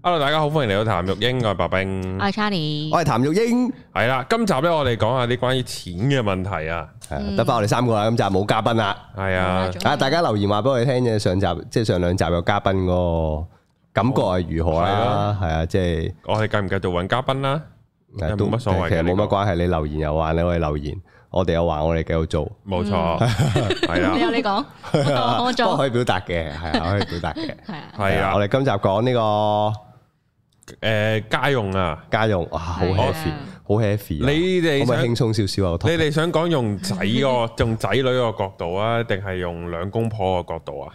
Hello，大家好，歡迎嚟到談育鷹，我係白冰，我係 Charlie，我係談育鷹，係啦，今集咧，我哋講下啲關於錢嘅問題啊，得返我哋三個啦，今集冇嘉賓啦，係啊，啊大家留言話俾我哋聽啫，上集即係上兩集有嘉賓噶，感覺係如何啊？係啊，即係我哋繼唔繼續揾嘉賓啦？都其實冇乜關係，你留言又話，你可以留言，我哋又話，我哋繼續做，冇錯，係啊，你講，我做，可以表達嘅，係啊，可以表達嘅，係啊，係啊，我哋今集講呢個。誒，家用啊，家用哇，好 heavy，好 heavy，你哋可唔可以輕鬆少少啊？你哋想講用仔個，用仔女個角度啊，定係用兩公婆個角度啊？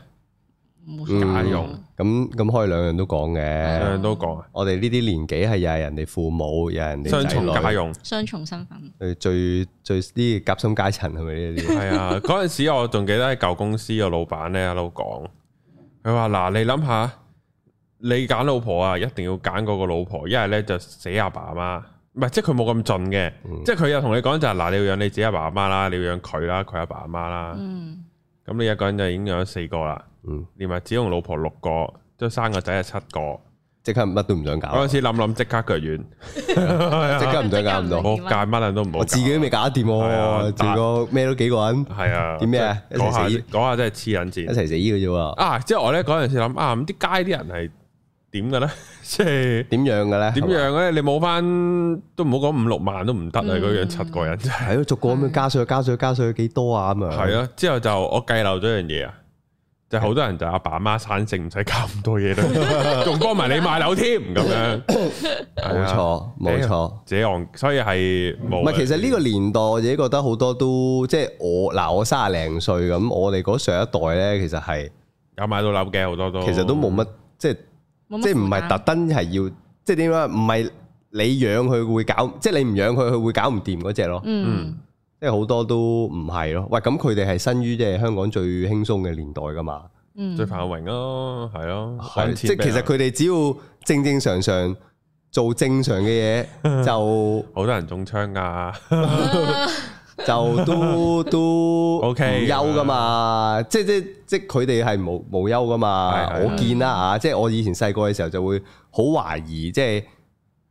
家用咁咁可以兩樣都講嘅，兩樣都講。我哋呢啲年紀係有人哋父母，有人哋雙重家用，雙重身份。誒，最最啲夾心階層係咪呢啲？係啊，嗰陣時我仲記得喺舊公司個老闆咧，一路講，佢話嗱，你諗下。你揀老婆啊，一定要揀嗰個老婆，一係咧就死阿爸阿媽，唔係即係佢冇咁盡嘅，即係佢又同你講就係嗱，你要養你自己阿爸阿媽啦，你要養佢啦，佢阿爸阿媽啦，咁你一個人就已經養咗四個啦，連埋自己老婆六個，都生個仔就七個，即刻乜都唔想搞。嗰陣時諗諗，即刻腳軟，即刻唔想搞唔到，我戒乜人都唔好。我自己都未搞掂喎，仲個咩都幾個人？係啊，點咩一齊死，講下真係黐人線，一齊死嘅啫喎。啊，即係我咧嗰陣時諗啊，咁啲街啲人係。點嘅咧？即係點樣嘅咧？點、就是、樣咧？吧你冇翻，都唔好講五六萬都唔得、嗯、啊！佢養七個人，係咯，逐個咁樣加稅、加稅、加稅幾多啊？咁啊，係啊！之後就我計漏咗樣嘢啊，就好、是、多人就阿爸阿媽生性，唔使搞咁多嘢咯，仲幫埋你買樓添咁樣。冇錯，冇錯，這樣所以係冇係？其實呢個年代，我自己覺得好多都即係、就是、我嗱，我卅零歲咁，我哋嗰上一代咧，其實係有買到樓嘅好多都，其實都冇乜即係。即係唔係特登係要，即係點樣？唔係你養佢會搞，即係你唔養佢佢會搞唔掂嗰隻咯。嗯，即係好多都唔係咯。喂，咁佢哋係生於即係香港最輕鬆嘅年代噶嘛？嗯、最繁榮啊，係咯、啊。啊、即係其實佢哋只要正正常常做正常嘅嘢，就好 多人中槍噶、啊。 就都都唔憂噶嘛，okay, yeah, yeah, yeah. 即係即係即係佢哋係冇無憂噶嘛。 我見啦吓， 即係我以前細個嘅時候就會好懷疑，就是、即係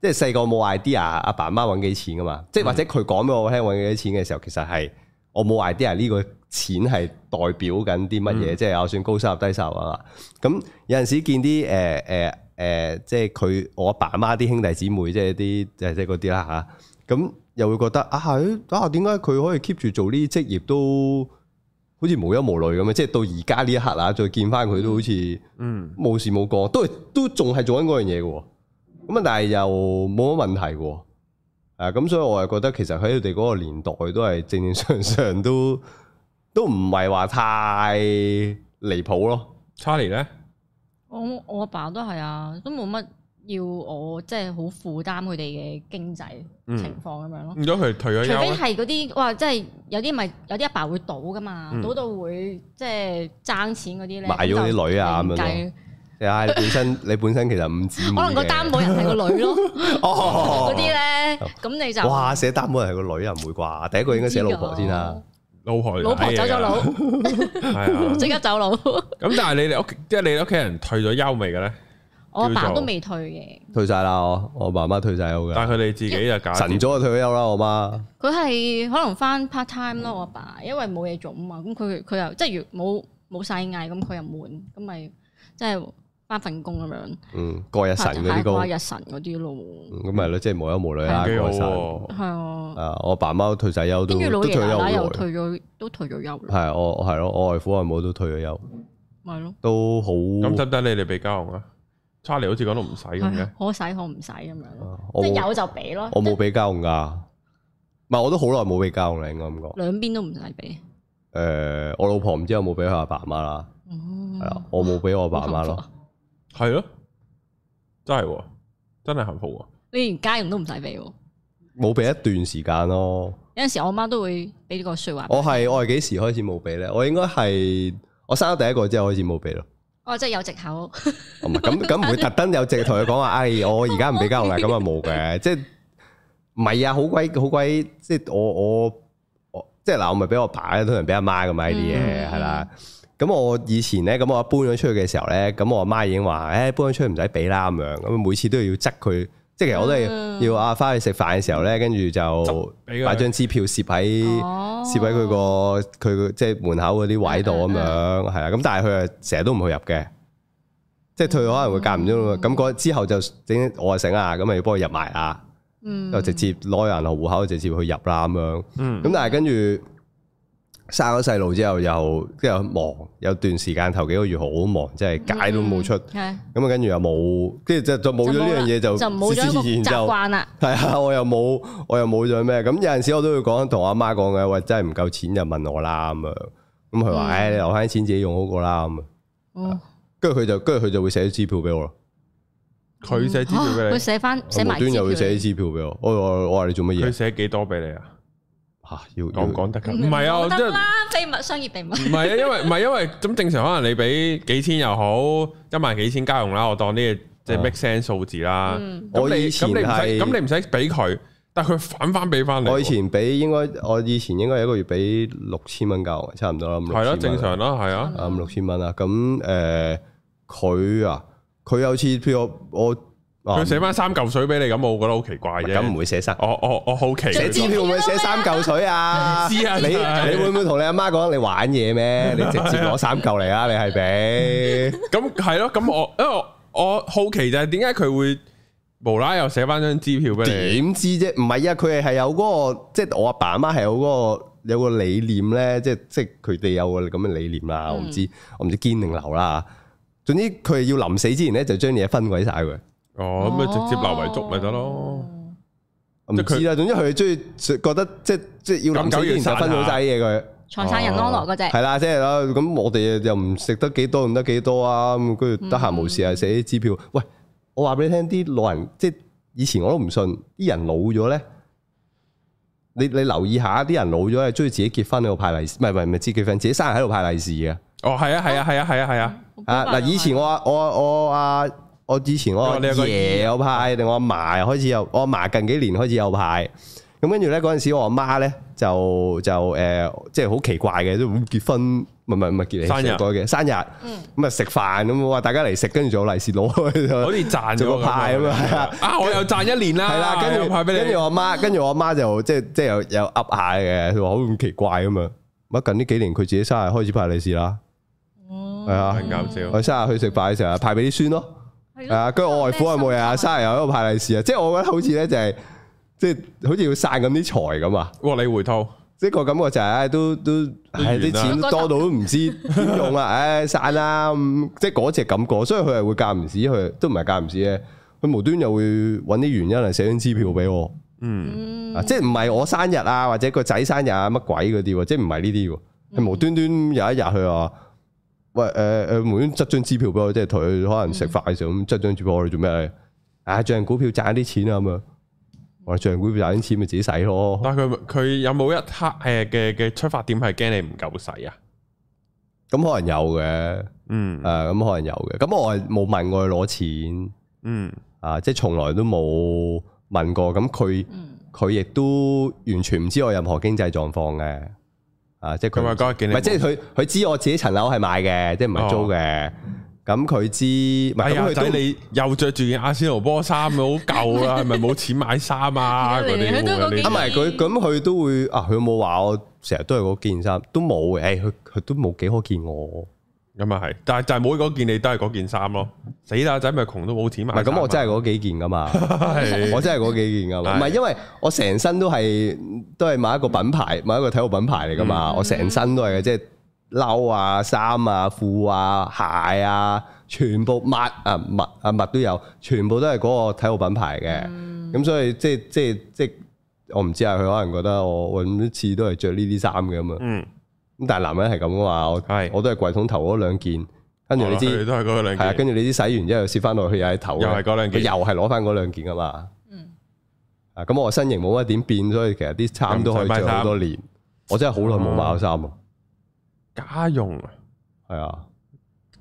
即係細個冇 idea 阿爸阿媽揾幾錢噶嘛。即係或者佢講俾我聽揾幾錢嘅時候，其實係我冇 idea 呢個錢係代表緊啲乜嘢。 即係我算高收入低收入啊嘛。咁有陣時見啲誒誒誒，即係佢我阿爸阿媽啲兄弟姊妹，即係啲即係即係嗰啲啦吓。咁、就是。又會覺得啊，哎、啊點解佢可以 keep 住做呢啲職業都好似無憂無慮咁啊！即係到而家呢一刻啊，再見返佢都好似嗯冇事冇過，都係都仲係做緊嗰樣嘢嘅喎。咁啊，但係又冇乜問題喎。啊，咁所以我係覺得其實喺佢哋嗰個年代都係正正常常都都唔係話太離譜咯。Charlie 咧呢，我我阿爸都係啊，都冇乜。要我即係好負擔佢哋嘅經濟情況咁樣咯。如果佢退咗，除非係嗰啲哇，即係有啲咪有啲阿爸會賭㗎嘛，賭到會即係掙錢嗰啲咧，賣咗啲女啊咁樣。計你本身你本身其實唔止，可能個擔保人係個女咯。哦，嗰啲咧，咁你就哇，寫擔保人係個女唔會啩？第一個應該寫老婆先啦，老婆走咗佬？係啊，即刻走佬。咁但係你哋屋即係你屋企人退咗休未嘅咧？我阿爸都未退嘅，退晒啦！我我爸媽退晒休嘅，但係佢哋自己就假神早就退咗休啦。我媽佢係可能返 part time 咯。我阿爸因為冇嘢做啊嘛，咁佢佢又即係冇冇曬嗌，咁佢又悶，咁咪即係返份工咁樣。嗯，過日神嗰啲過日神嗰啲咯，咁咪咯，即係無憂無慮啊！過神係啊，我爸媽退曬休，跟住老人家又退咗都退咗休。係我係咯，我外父外母都退咗休，係咯，都好咁得唔得？你哋俾交啊！差嚟好似講到唔使咁嘅，的可使洗可唔使咁樣，即係有就俾咯。我冇俾家用噶，唔係即我都好耐冇俾家用啦。應該咁講，兩邊都唔使俾。誒、呃，我老婆唔知有冇俾佢阿爸阿媽啦，係、嗯、啊，我冇俾我阿爸阿媽咯，係咯，真係、哦、真係幸福、啊。你連家用都唔使俾，冇俾一段時間咯。有陣時我阿媽都會俾呢個說話。我係我係幾時開始冇俾咧？我應該係我生咗第一個之後開始冇俾咯。我真係有， 有藉口，咁咁唔會特登有藉同佢講話，哎,我而家唔俾家用啦,咁啊冇嘅,即係唔係啊,好鬼好鬼,即係我我我,即係嗱,我咪俾我爸咧,通常俾阿媽咁買啲嘢係啦,咁我以前咧,咁我搬咗出去嘅時候咧,咁我阿媽已經話,誒、哎,搬咗出去唔使俾啦,咁樣,咁每次都要執佢。即係其實我都係要啊，翻去食飯嘅時候咧，跟住就擺張支票攝喺攝喺佢個佢即係門口嗰啲位度咁樣，係啊、oh.，咁但係佢啊成日都唔去入嘅，即係退咗可能會間唔中，咁、oh. 之後就整我啊醒啊，咁啊要幫佢入埋啊，嗯，又直接攞人號戶口直接去入啦咁樣，oh. 嗯，咁但係跟住。生咗細路之後又即係忙，有段時間頭幾個月好忙，即係解都冇出。咁啊、嗯，跟住又冇，即係就冇咗呢樣嘢，就之前就冇咗就慣啦。係啊，我又冇，我又冇咗咩？咁有陣時我都會講同阿媽講嘅，話真係唔夠錢就問我啦咁樣。咁佢話：唉、嗯，哎、你留翻啲錢自己用好過啦。咁跟住佢就跟住佢就會寫支票俾我。佢、嗯、寫支票俾你，佢、啊、寫翻寫埋寫完，端又你就會寫支票俾我。我我我話你做乜嘢？佢寫幾多俾你啊？吓，要講講得噶唔係啊，我真就係秘密，商業秘密。唔係啊，因為唔係 因為咁正常，可能你俾幾千又好，一萬幾千家用啦，我當啲即係 make sense 數字啦。嗯嗯、我以前咁你唔使俾佢，但佢反翻俾翻你。我以前俾應該，我以前應該一個月俾六千蚊家用，差唔多啦。係咯，正常啦，係啊，五六千蚊啦。咁誒的，佢啊、嗯，佢、呃、有次，譬如我。我佢寫翻三嚿水俾你咁，我覺得好奇怪嘅，咁唔會寫失？我我我好奇，支票資說會唔會寫三嚿水啊？知啊，你是你會唔會同你阿媽講你玩嘢咩、啊？你直接攞三嚿嚟啊？你係咪？咁係咯，咁我因為我，我好奇就係點解佢會無啦又寫翻張支票俾你？點知啫？唔係啊，佢係係有嗰、那個，即、就、係、是、我阿爸阿媽係有嗰、那個有個理念咧，即係即係佢哋有個咁嘅理念啦。我唔知，嗯我唔知，我唔知堅定流啦。總之佢係要臨死之前咧，就將嘢分鬼晒佢。哦，咁咪直接留遺囑咪得咯？唔知啦，總之佢中意覺得即係即係要咁久月殺分到晒嘢佢。財產人安樂嗰只係啦，即係啦。咁我哋又唔食得幾多，用得幾多啊？跟住得閒無事啊，寫支票。喂，我話俾你聽，啲老人即係以前我都唔信，啲人老咗咧，你你留意下，啲人老咗係中意自己結婚喺度派利，唔係唔係唔係自己結婚，自己生日喺度派利是啊？哦，係啊，係啊，係啊，係啊，係啊，啊嗱，以前我我我阿。我之前我阿爺嗰派定我阿嫲開始有，我阿嫲近幾年開始有派。咁跟住咧嗰陣時，我阿媽咧就就誒，即係好奇怪嘅，都唔結婚，唔係唔係結你生日嘅生日，咁啊食飯咁，話大家嚟食，跟住仲有利是攞，好似賺咗派咁樣啊！啊，我又賺一年啦，係啦，跟住派俾你。跟住我阿媽，跟住我阿媽就即係即係又又噏下嘅，佢話好咁奇怪啊嘛。咁近呢幾年佢自己生日開始派利是啦，係啊，搞笑。我生日去食飯嘅時候派俾啲孫咯。係啊，佢外父係冇呀，生日又一個派利是啊， 即係我覺得好似咧就係、是，即、就、係、是、好似要散咁啲財咁啊，獲利回吐，即係個感覺就係、是，唉、哎，都都係啲、啊、錢多到都唔知點用、 哎、啊，唉，散啦，即係嗰隻感覺，所以佢係會介唔止，佢都唔係介唔止嘅。佢無端又會搵啲原因嚟寫張支票俾我，嗯，即係唔係我生日啊，或者個仔生日啊，乜鬼嗰啲喎，即係唔係呢啲喎，佢無端端端有一日去啊。喂，誒、呃、誒，無端端執張支票畀我，即係同佢可能食飯嘅時候咁，執、嗯、張支票我，嚟做咩咧？啊，做緊股票賺啲錢啊嘛，我做緊股票賺啲錢咪自己使咯。但係佢佢有冇一刻誒嘅嘅出發點係驚你唔夠使啊？咁可能有嘅，嗯啊，咁可能有嘅。咁我係冇問佢攞錢，嗯啊，即係從來都冇問過。咁佢佢亦都完全唔知我任何經濟狀況嘅。啊！即係佢話嗰日見你，唔即係佢，佢知我自己層樓係買嘅，即唔係租嘅。咁佢、哦、知，佢睇、哎、呦你又着住件阿仙奴波衫，好舊啦，係咪冇錢買衫啊？嗰啲 啊，唔係佢，咁佢都會啊，佢冇話我成日都係嗰件衫，都冇嘅。佢、哎、佢都冇幾可見我。咁啊係，但係就係每嗰件，你都係嗰件衫咯。死啦，仔咪窮都冇錢買。係咁，我真係嗰幾件噶嘛， 是我真係嗰幾件噶嘛。唔係是，因為我成身都係都係買一個品牌，買一個體育品牌嚟噶嘛。嗯、我成身都係即係褸啊、衫啊、褲啊、鞋啊，全部襪啊襪啊襪都有，全部都係嗰個體育品牌嘅。咁、嗯、所以即係即係即係，我唔知啊，佢可能覺得我每一次都係着呢啲衫噶嘛。嗯。咁但係男人係咁噶嘛？我，是我都係櫃桶頭嗰兩件，跟住你知、哦、都係兩件，係啊，跟住你啲洗完之後，攝翻落去又係頭，又係嗰兩件，又係攞翻嗰兩件噶嘛。嗯。咁我身形冇乜點變，所以其實啲衫都可以着好多年。嗯、我真係好耐冇買衫、嗯、啊。家用啊，係啊。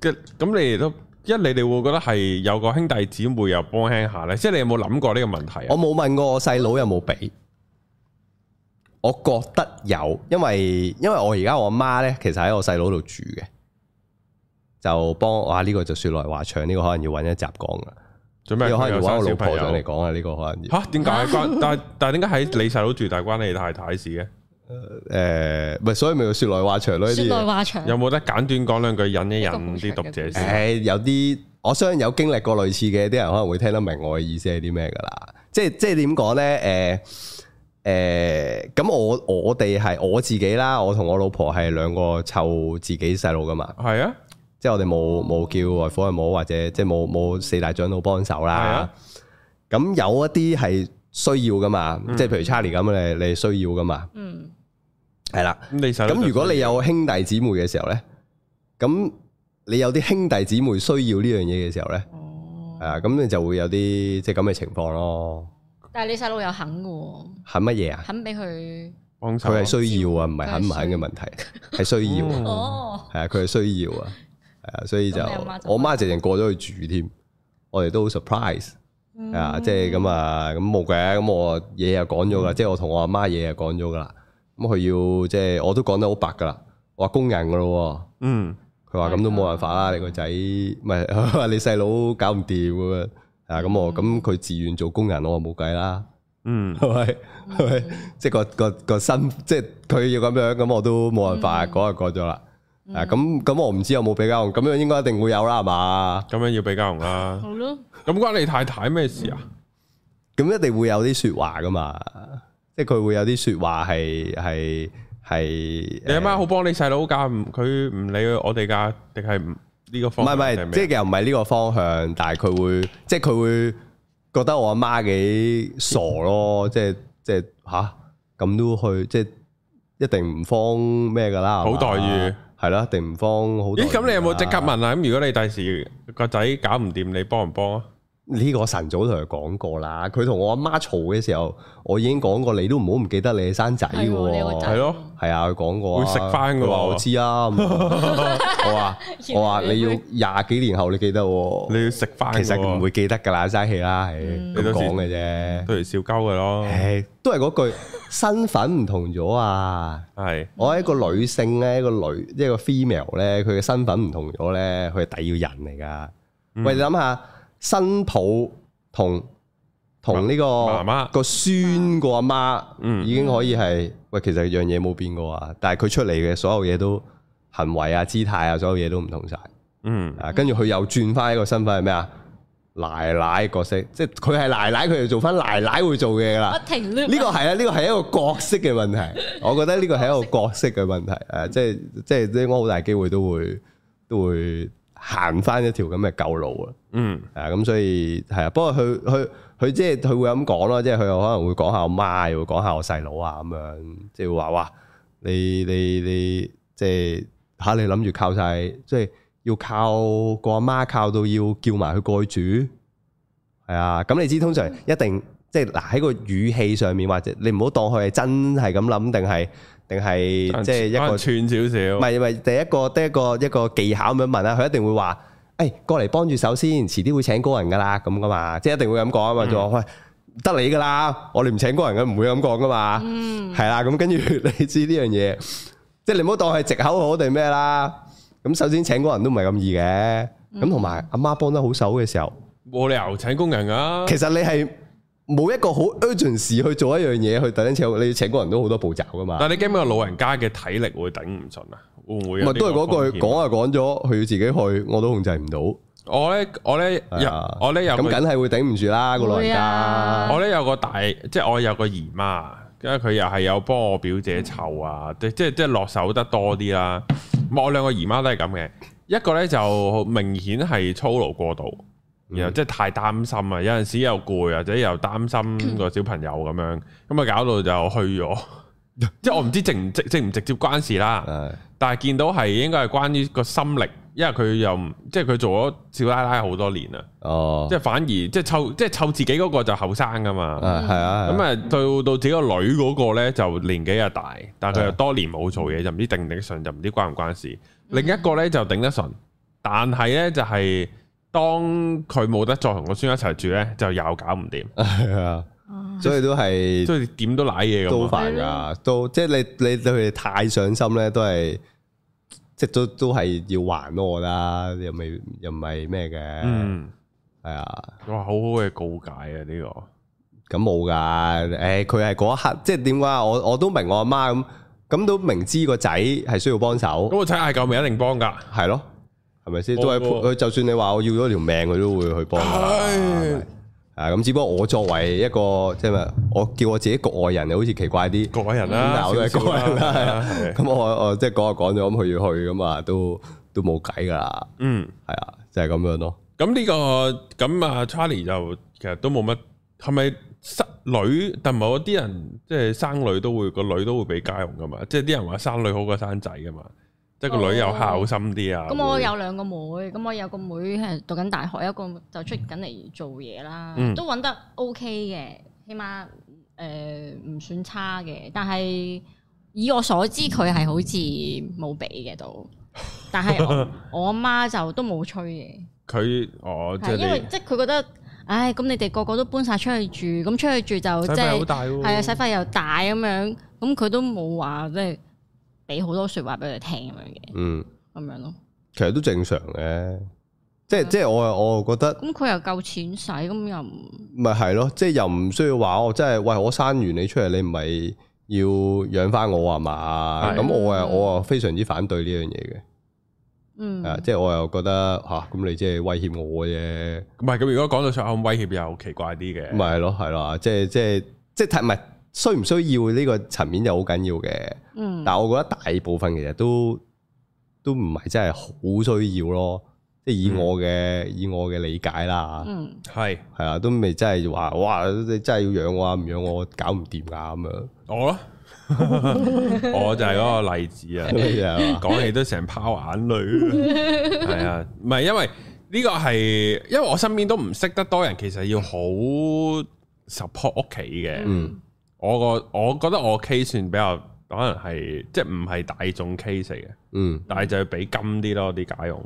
咁你都一，你哋會覺得係有個兄弟姊妹又幫輕下咧，即係你有冇諗過呢個問題啊？我冇問過我細佬有冇俾。我覺得有，因為因為我而家我媽咧，其實喺我細佬度住嘅，就幫我話呢個就說來話長，呢、這個可能要揾一集講噶。做咩？可能要揾我老婆上嚟講啊？呢個可能吓？點解關？ 但係但係點解喺你細佬住，但係關你太太事嘅？誒、 呃，咪所以咪要說來話長咯。說來話長，有冇得簡短講兩句，引一引啲讀者先？誒、呃，有啲我相信有經歷過類似嘅，啲人可能會聽得明我嘅意思係啲咩噶啦。即係即係點講咧？誒、呃。呃誒，咁、呃、我，我我哋係我自己啦，我同我老婆係兩個湊自己細路噶嘛，係啊，即係我哋冇冇叫外父外母或者即係冇冇四大長老幫手啦。咁、啊啊、有一啲係需要噶嘛，嗯、即係譬如 Charlie 咁，你你需要噶嘛，嗯，係啦、啊。咁如果你有兄弟姊妹嘅時候咧，咁你有啲兄弟姊妹需要呢樣嘢嘅時候咧，係、哦、啊，咁你就會有啲即係咁嘅情況咯。但係你細佬又肯嘅喎？肯乜嘢啊？肯俾佢幫手，佢係需要啊，唔係肯唔肯嘅問題，係需要。哦，係啊，佢係需要啊，係啊，所以就我媽直情過咗去住添，我哋都好 surprise，係啊，即係咁啊，咁冇嘅，咁我嘢又講咗啦，即係我同我阿媽嘢又講咗㗎啦。咁佢要即係我都講得好白㗎啦，我話工人㗎咯，嗯，佢話咁都冇辦法啦，你個仔唔係你細佬搞唔掂啊。嗱咁我咁佢、嗯、自願做工人，我冇計啦，嗯，係咪係咪，即係個個個心，即係佢要咁樣，咁我都冇辦法，過、嗯、就過咗啦。嗱咁咁我唔知有冇比較，咁樣應該一定會有啦，係嘛？咁樣要比較啦。好咯了。咁關你太太咩事啊？咁 一定會有啲說話噶嘛，即係佢會有啲說話，係係係。你阿媽好幫你細佬噶唔？佢唔理我哋噶，定係唔？唔係唔係，即係又唔係呢個方向， 但係佢會，即係佢會覺得我阿媽幾傻咯，即係即係吓，咁、就是啊、都去，即係一定唔方咩噶啦，好待遇係咯，一定唔方好。咦？咁、啊欸、你有冇即刻問啊？咁如果你第時個仔搞唔掂，你幫唔幫啊？呢個晨早同佢講過啦，佢同我阿媽嘈嘅時候，我已經講過，你都唔好唔記得你生仔嘅喎，係咯，係啊，佢講過，會食翻嘅喎，我知啊，我話我話你要廿幾年後你記得喎，你要食翻，其實唔會記得㗎啦，嘥氣啦，你講嘅啫，不如笑鳩嘅咯，都係嗰句身份唔同咗啊，係，我係一個女性咧，一個女，一個 female 咧，佢嘅身份唔同咗咧，佢係第二個人嚟噶，喂，你諗下。新抱同同呢個個孫個阿媽，嗯，已經可以係喂，其實樣嘢冇變過啊，但係佢出嚟嘅所有嘢都行為啊、姿態啊，所有嘢都唔同晒，嗯，啊，跟住佢又轉翻一個身份係咩啊？奶奶角色，即係佢係奶奶，佢就做翻奶奶會做嘅嘢啦。不停呢個係啊，呢、這個係一個角色嘅問題。 我覺得呢個係一個角色嘅問題，誒色，即係即係，應該好大機會都會都會。都會行翻一條咁嘅舊路啊，嗯，係啊，咁所以係啊，不過佢佢佢即係佢會咁講咯，即係佢又可能會講下我媽，又會講下我細佬啊，咁樣，即係話哇，你你你即係吓你諗住靠晒，即係、啊、要靠個阿媽靠到要叫埋佢過去煮，係啊，咁你知通常一定即係嗱喺個語氣上面，或者你唔好當佢係真係咁諗，定係。定係即係一個串少少，唔係唔係第一個，得一個一個技巧咁樣問啊，佢一定會話：誒，過嚟幫住手先，遲啲會請工人噶啦，咁噶嘛，即係一定會咁講啊嘛，就話喂，得你噶啦，我哋唔請工人嘅，唔會咁講噶嘛，係啦，咁跟住你知呢樣嘢，即係你唔好當係藉口好定咩啦。咁首先請工人都唔係咁易嘅，咁同埋阿媽幫得好手嘅時候，冇理由請工人啊。其實你係。冇一個好 urgent 事去做一樣嘢，去突然請你請個人都好多步驟噶嘛。但係你驚唔驚老人家嘅體力會頂唔順啊？會唔會？咪都係嗰句講就講咗，佢要自己去，我都控制唔到。我咧，我咧我咧又咁，梗係會頂唔住啦，個老人家。啊，我咧有個大，即係我有個姨媽，咁啊佢又係有幫我表姐湊啊，即係即係落手得多啲啦。 我兩個姨媽都係咁嘅，一個咧就明顯係操勞過度。然後、嗯、即係太擔心啊！有陣時又攰，或者又擔心個小朋友咁樣，咁啊搞到就去咗。 即係我唔知直唔直，直唔直接關事啦。是的 但係見到係應該係關於個心力，因為佢又即係佢做咗少奶奶好多年啦。哦即，即係反而即係湊，即係湊自己嗰個就後生噶嘛。係啊，咁啊到到自己女個女嗰個咧就年紀又大，但係佢又多年冇做嘢是的，就唔知頂唔頂得順，就唔知關唔關事。是的 另一個咧就頂得順，但係咧就係、是就。是當佢冇得再同個孫一齊住咧，就又搞唔掂。係啊，所以都係，所以點都賴嘢咁。的都煩噶，都即係你你對佢哋太上心咧，都係即係都都係要還我啦，又未又唔係咩嘅。嗯，係啊，哇，好好嘅告解啊，呢個咁冇噶。誒，佢係嗰一刻，即係點解啊？我我都明我阿媽咁，咁都明知個仔係需要幫手，咁個仔係救命一定幫噶。係咯。係咪先？都係佢就算你話我要咗條命，佢都會去幫啦。係咁是只不過我作為一個即係、就是、我叫我自己局外人又好似奇怪啲，局外人啦，我都係局外人啦。咁我我即係講下講咗，咁佢要去咁啊，都都冇計噶啦。嗯，係啊，就係、是、咁樣咯。咁呢、這個咁啊，Charlie 就其實都冇乜。係咪生女？但係有啲人即係、就是、生女都會個女都會俾家用噶嘛。即係啲人話生女好過生仔噶嘛。即係個女又孝心啲啊！咁、哦、妹我有兩個妹，妹，咁我有個妹係讀緊大學，嗯、一個妹妹就出緊嚟做嘢啦，嗯、都搵得 OK 嘅，起碼誒唔算差嘅。但係以我所知，佢係好似冇俾嘅都。但係我阿媽 就都冇催嘅。佢我因為即係佢覺得，唉、哎，咁你哋個個都搬晒出去住，咁出去住就即係使費、哦、又大，係啊，使費又大咁樣，咁佢都冇話即係。俾好多說話俾佢聽咁樣嘅，嗯，咁樣咯，其實都正常嘅、嗯，即係即係我我覺得，咁佢又夠錢使，咁又唔咪係咯，即係又唔需要話我，即係喂我生完你出嚟，你唔係要養翻我啊嘛，咁的、嗯、我啊我啊非常之反對呢樣嘢嘅，嗯，啊，即係我又覺得吓，咁、啊、你即係威脅我嘅啫，唔係咁如果講到上口威脅又奇怪啲嘅，唔係咯係咯，即係即係即係太唔係。需唔需要呢個層面就好緊要嘅，嗯、但係我覺得大部分其實都都唔係真係好需要咯，即係以我嘅、嗯、以我嘅理解啦，係係、嗯、啊，都未真係話哇，你真係要養我唔、啊、養我、啊、搞唔掂噶咁樣。我咯， 我就係嗰個例子啊，講 起都成泡眼淚，係啊，唔係、 啊、因為呢個係因為我身邊都唔識得多人，其實要好 support 屋企嘅。嗯我個我覺得我 case 算比較可能係即係唔係大眾 case 嘅，嗯，但係就係俾金啲咯啲家用，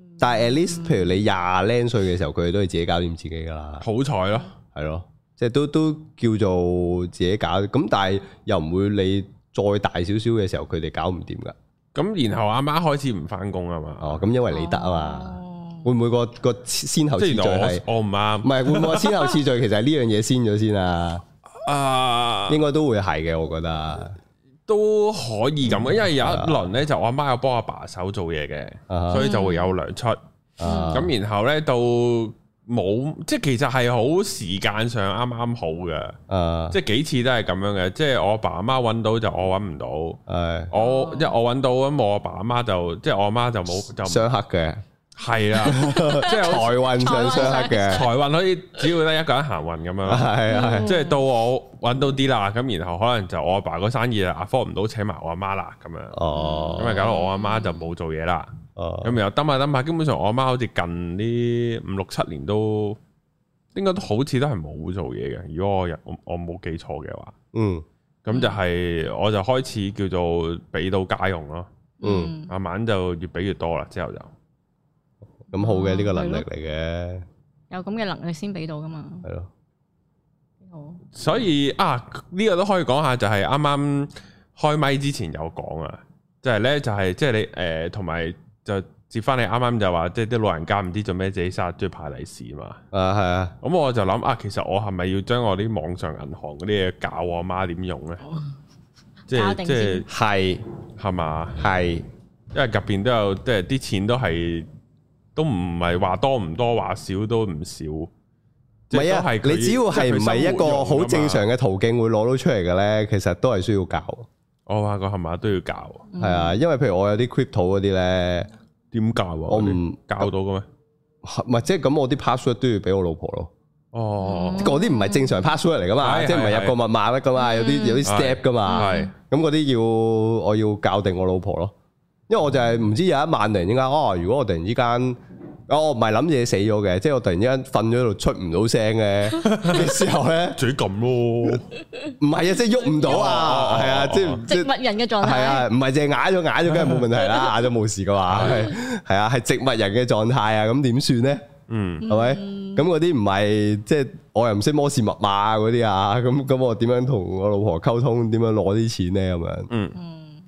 嗯、但係 at least，譬如你廿零歲嘅時候，佢哋都係自己搞掂自己噶啦。好彩咯，係咯，即係都都叫做自己搞，咁但係又唔會你再大少少嘅時候，佢哋搞唔掂噶。咁然後阿媽開始唔翻工啊嘛？哦，咁因為你得啊嘛，哦、會唔會個個先後次序係？我唔啱，唔係會唔會個先後次序？其實係呢樣嘢先咗先啊？ 啊，uh, 應該都會係嘅，我覺得都可以咁，因為有一輪咧，uh huh. 就我阿媽有幫我阿爸手做嘢嘅，uh huh. 所以就會有糧出。咁、uh huh. 然後咧到冇，即係其實係好時間上啱啱好嘅。啊、uh，huh. 即係幾次都係咁樣嘅，即、就、係、是、我阿爸阿媽揾到就我揾唔到。誒、uh huh.，我一我揾到咁我阿爸阿媽就即係我阿媽就冇就唔想黑嘅。係啊，即係財運上上克嘅，財運可以只要得一個人行運咁樣。係係，即係到我搵到啲啦，咁然後可能就我阿爸個生意啦，afford 唔到請埋我阿媽啦，咁樣。哦、嗯，咁啊搞到我阿媽就冇做嘢啦。哦，咁然後等下等下，基本上我阿媽好似近呢五六七年都，應該都好似都係冇做嘢嘅。如果我我我冇記錯嘅話，嗯，咁就係我就開始叫做俾到家用咯，嗯，慢慢就越俾越多啦，之後就。咁好嘅呢、啊、個能力嚟嘅，有咁嘅能力先俾到噶嘛？係咯了，所以啊，呢、這個都可以講下，就係啱啱開咪之前有講啊，即係咧就係即係你誒，同、呃、埋就接翻你啱啱就話，即係啲老人家唔知做咩自殺，最怕利、啊、是啊嘛。啊，係啊，咁我就諗啊，其實我係咪要將我啲網上銀行嗰啲嘢搞我媽點用咧？即係即係係係嘛係，就是、因為入邊都有，即係啲錢都係。都唔係話多唔多，話少都唔少，係啊？你只要係唔係一個好正常嘅途徑會攞到出嚟嘅咧，其實都係需要教。我話個密碼都要教，係啊，因為譬如我有啲 crypto 嗰啲咧，點教？我唔教到嘅咩？唔係即係咁，我啲 password 都要俾我老婆咯。哦，嗰啲唔係正常 password 嚟噶嘛？即係唔係入個密碼得噶嘛？有啲有啲 step 噶嘛？係咁嗰啲要我要教定我老婆咯，因為我就係唔知有一萬零點解哦，如果我突然之間。哦，唔係諗嘢死咗嘅，即係我突然之間瞓咗喺度出唔到聲嘅嘅時候咧，嘴咁 咯，唔係啊，即係喐唔到啊，係啊的，即係植物人嘅狀態，係啊，唔係淨係啞咗啞咗，梗係冇問題啦，啞咗冇事噶話，係啊，係植物人嘅狀態啊，咁點算咧？嗯，係咪？咁嗰啲唔係即係我又唔識摩斯密碼嗰啲啊，咁咁我點樣同我老婆溝通？點樣攞啲錢咧？咁樣，嗯，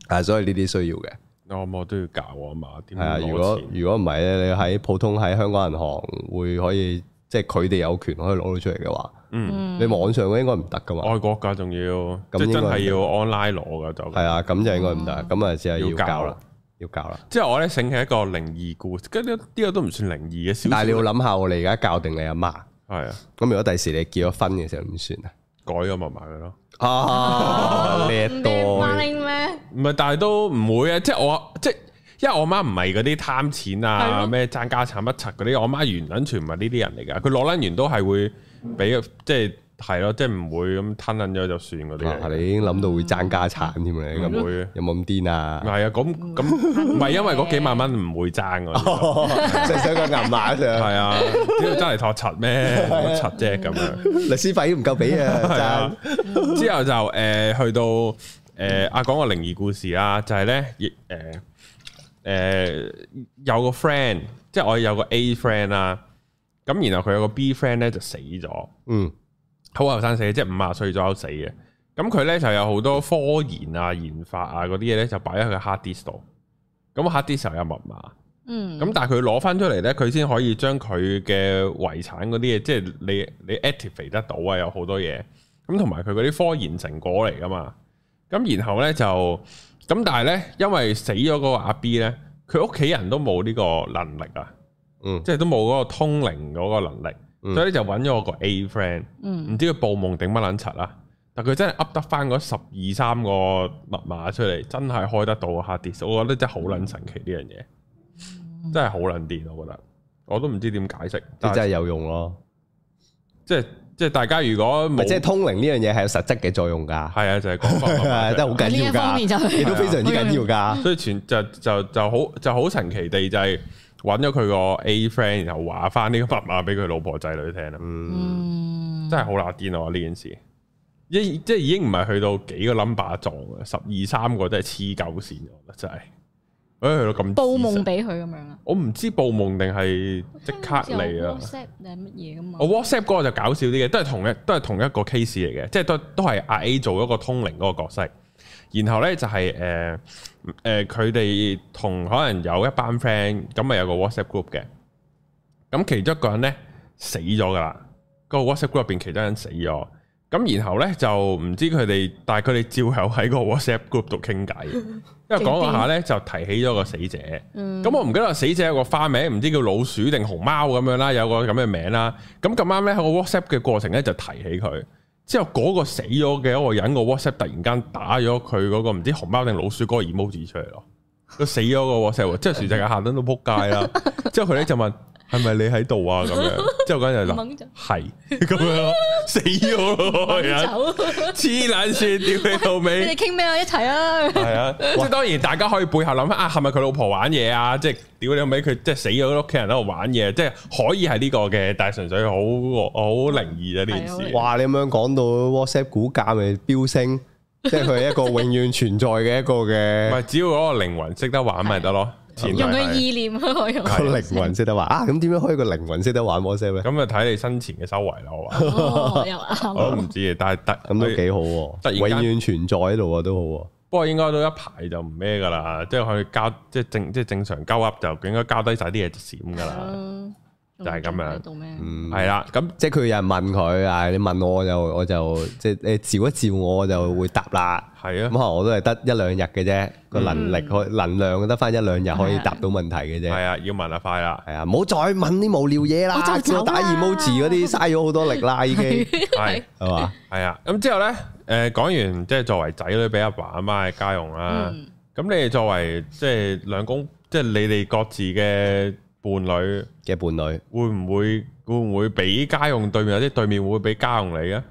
啊、嗯，所以呢啲需要嘅。哦、我都要教我阿媽。係啊，如果如果唔係咧，你喺普通喺香港銀行會可以，即係佢哋有權可以攞到出嚟嘅話，嗯，你網上嘅應該唔得噶嘛。嗯、外國噶仲要，咁係、嗯、真係要 online 攞噶就。係啊、嗯，咁就應該唔得，咁啊、嗯、只係要教啦，要教啦。教即係我咧醒起一個靈異故事，跟呢啲嘢都唔算靈異嘅事。但係你要諗下，我哋而家教定你阿媽，係啊的，咁如果第時你結咗婚嘅時候點算啊？改咗密碼㗎咯，咩多咩？唔係，但係都唔會啊！啊會即係我，即係因為我媽唔係嗰啲貪錢啊咩的爭家產乜柒嗰啲，我媽完捻全唔係呢啲人嚟噶，佢攞捻完都係會俾即係。係咯，即係唔會咁吞撚咗就算嗰啲嘢，你已經諗到會爭家產添咧，咁會有冇咁癲啊？係啊，咁咁唔係因為嗰幾萬蚊唔會爭嘅，就想個銀碼啫。係啊，只要爭嚟托柒咩？冇柒啫咁樣，律師費都唔夠俾啊！之後就誒去到誒阿講個靈異故事啦，就係咧亦誒誒有個 friend，即係我有個 A friend 啦，咁然後佢有個 B friend 咧就死咗，嗯。好後生死即係五廿歲左右死嘅。咁佢咧就有好多科研啊、研發啊嗰啲嘢咧，就擺喺佢 hard disk 度。咁 hard disk 又有密碼，嗯。咁但係佢攞翻出嚟咧，佢先可以將佢嘅遺產嗰啲嘢，即係你你 activate 得到啊，有好多嘢。咁同埋佢嗰啲科研成果嚟噶嘛。咁然後咧就咁，但係咧因為死咗嗰個阿 B 咧，佢屋企人都冇呢個能力啊。嗯。即係都冇嗰個通靈嗰個能力。嗯所以咧就揾咗我個 A friend，唔知佢布夢頂乜撚柒啦，但佢真係噏得翻嗰十二三個密碼出嚟，真係開得到個 h a 我覺得真係好撚神奇呢樣嘢，真係好撚掂，我覺得我都唔知點解釋，你真係有用咯，即係即係大家如果唔係即係通靈呢樣嘢係有實質嘅作用噶，係啊就係、是、講，真係好緊要噶，亦、啊、都非常之緊要噶，啊、 所以全就就就好就好神奇地就係、是。揾咗佢個 A friend，然後話翻呢個密碼俾佢老婆仔女聽啦。嗯，嗯真係好乸癲啊！呢件事，一即係已經唔係去到幾個 number 撞十二三個都係黐鳩線，真係。哎、去到咁報夢俾佢咁樣啊？我唔知報夢定係即刻嚟 Wh 啊、oh！WhatsApp 定係乜嘢噶嘛？我 WhatsApp 嗰個就搞笑啲嘅，都係同一都係同一個 case 嚟嘅，即係都都係阿 A 做一個通靈嗰個角色。然後咧，就係誒誒佢哋同可能有一班 friend 咁咪有個 WhatsApp group 嘅，咁其中一個人咧死咗噶啦，個 WhatsApp group 入邊其他人死咗，咁然後咧就唔知佢哋，但係佢哋照有喺個 WhatsApp group 度傾偈。因為講嗰下咧就提起咗個死者，咁我唔記得個死者有個花名，唔知叫老鼠定熊貓咁樣啦，有個咁嘅名啦，咁咁啱咧喺個 WhatsApp 嘅過程咧就提起佢。之後嗰個死咗嘅一個人個 WhatsApp 突然間打咗佢嗰個唔知熊貓定老鼠嗰個 emoji 出嚟咯，佢死咗個 WhatsApp，即係全世界下登都撲街啦。之後佢咧就問。係咪你喺度啊？咁樣之後嗰日就係咁樣死咗，黐捻線，屌你老味！你傾咩啊？一齊啊！係啊，即係當然大家可以背後諗下啊，係咪佢老婆玩嘢啊？即係屌你老味，佢即係死咗，屋企人喺度玩嘢，即係可以係呢個嘅，但係純粹好好靈異嘅呢件事！哇！你咁樣講到 WhatsApp 股價咪飆升，即係佢係一個永遠存在嘅一個嘅。唔係，只要嗰個靈魂識得玩咪得咯。用佢意念開，靈魂識得話啊！咁點樣可以個靈魂識得玩魔石咧？咁啊睇你生前嘅修為啦，好 我話。又啱。我都唔知但係得咁都幾好喎，啊，永遠存在喺度啊，都好。不過應該都一排就唔咩噶啦，即係去交即係正即係正常交握就應該交低晒啲嘢就閃噶啦。嗯就係咁樣，嗯，係啦。咁即係佢有人問佢，啊，你問我就我就即係你照一照我，我就會答啦。係啊，咁啊，我都係得一兩日嘅啫。個能力、可能量得返一兩日可以答到問題嘅啫。係啊，要問下快啦，係啊，唔好再問啲無聊嘢啦。我再打啦，emoji 嗰啲嘥咗好多力啦，已經係係嘛係啊。咁之後咧，誒講完即係作為仔女俾阿爸阿媽嘅家用啦。咁你哋作為即係兩公，即係你哋各自嘅。伴侶嘅伴侶會唔會會唔會俾家用？對面有啲對面會俾家用你嘅？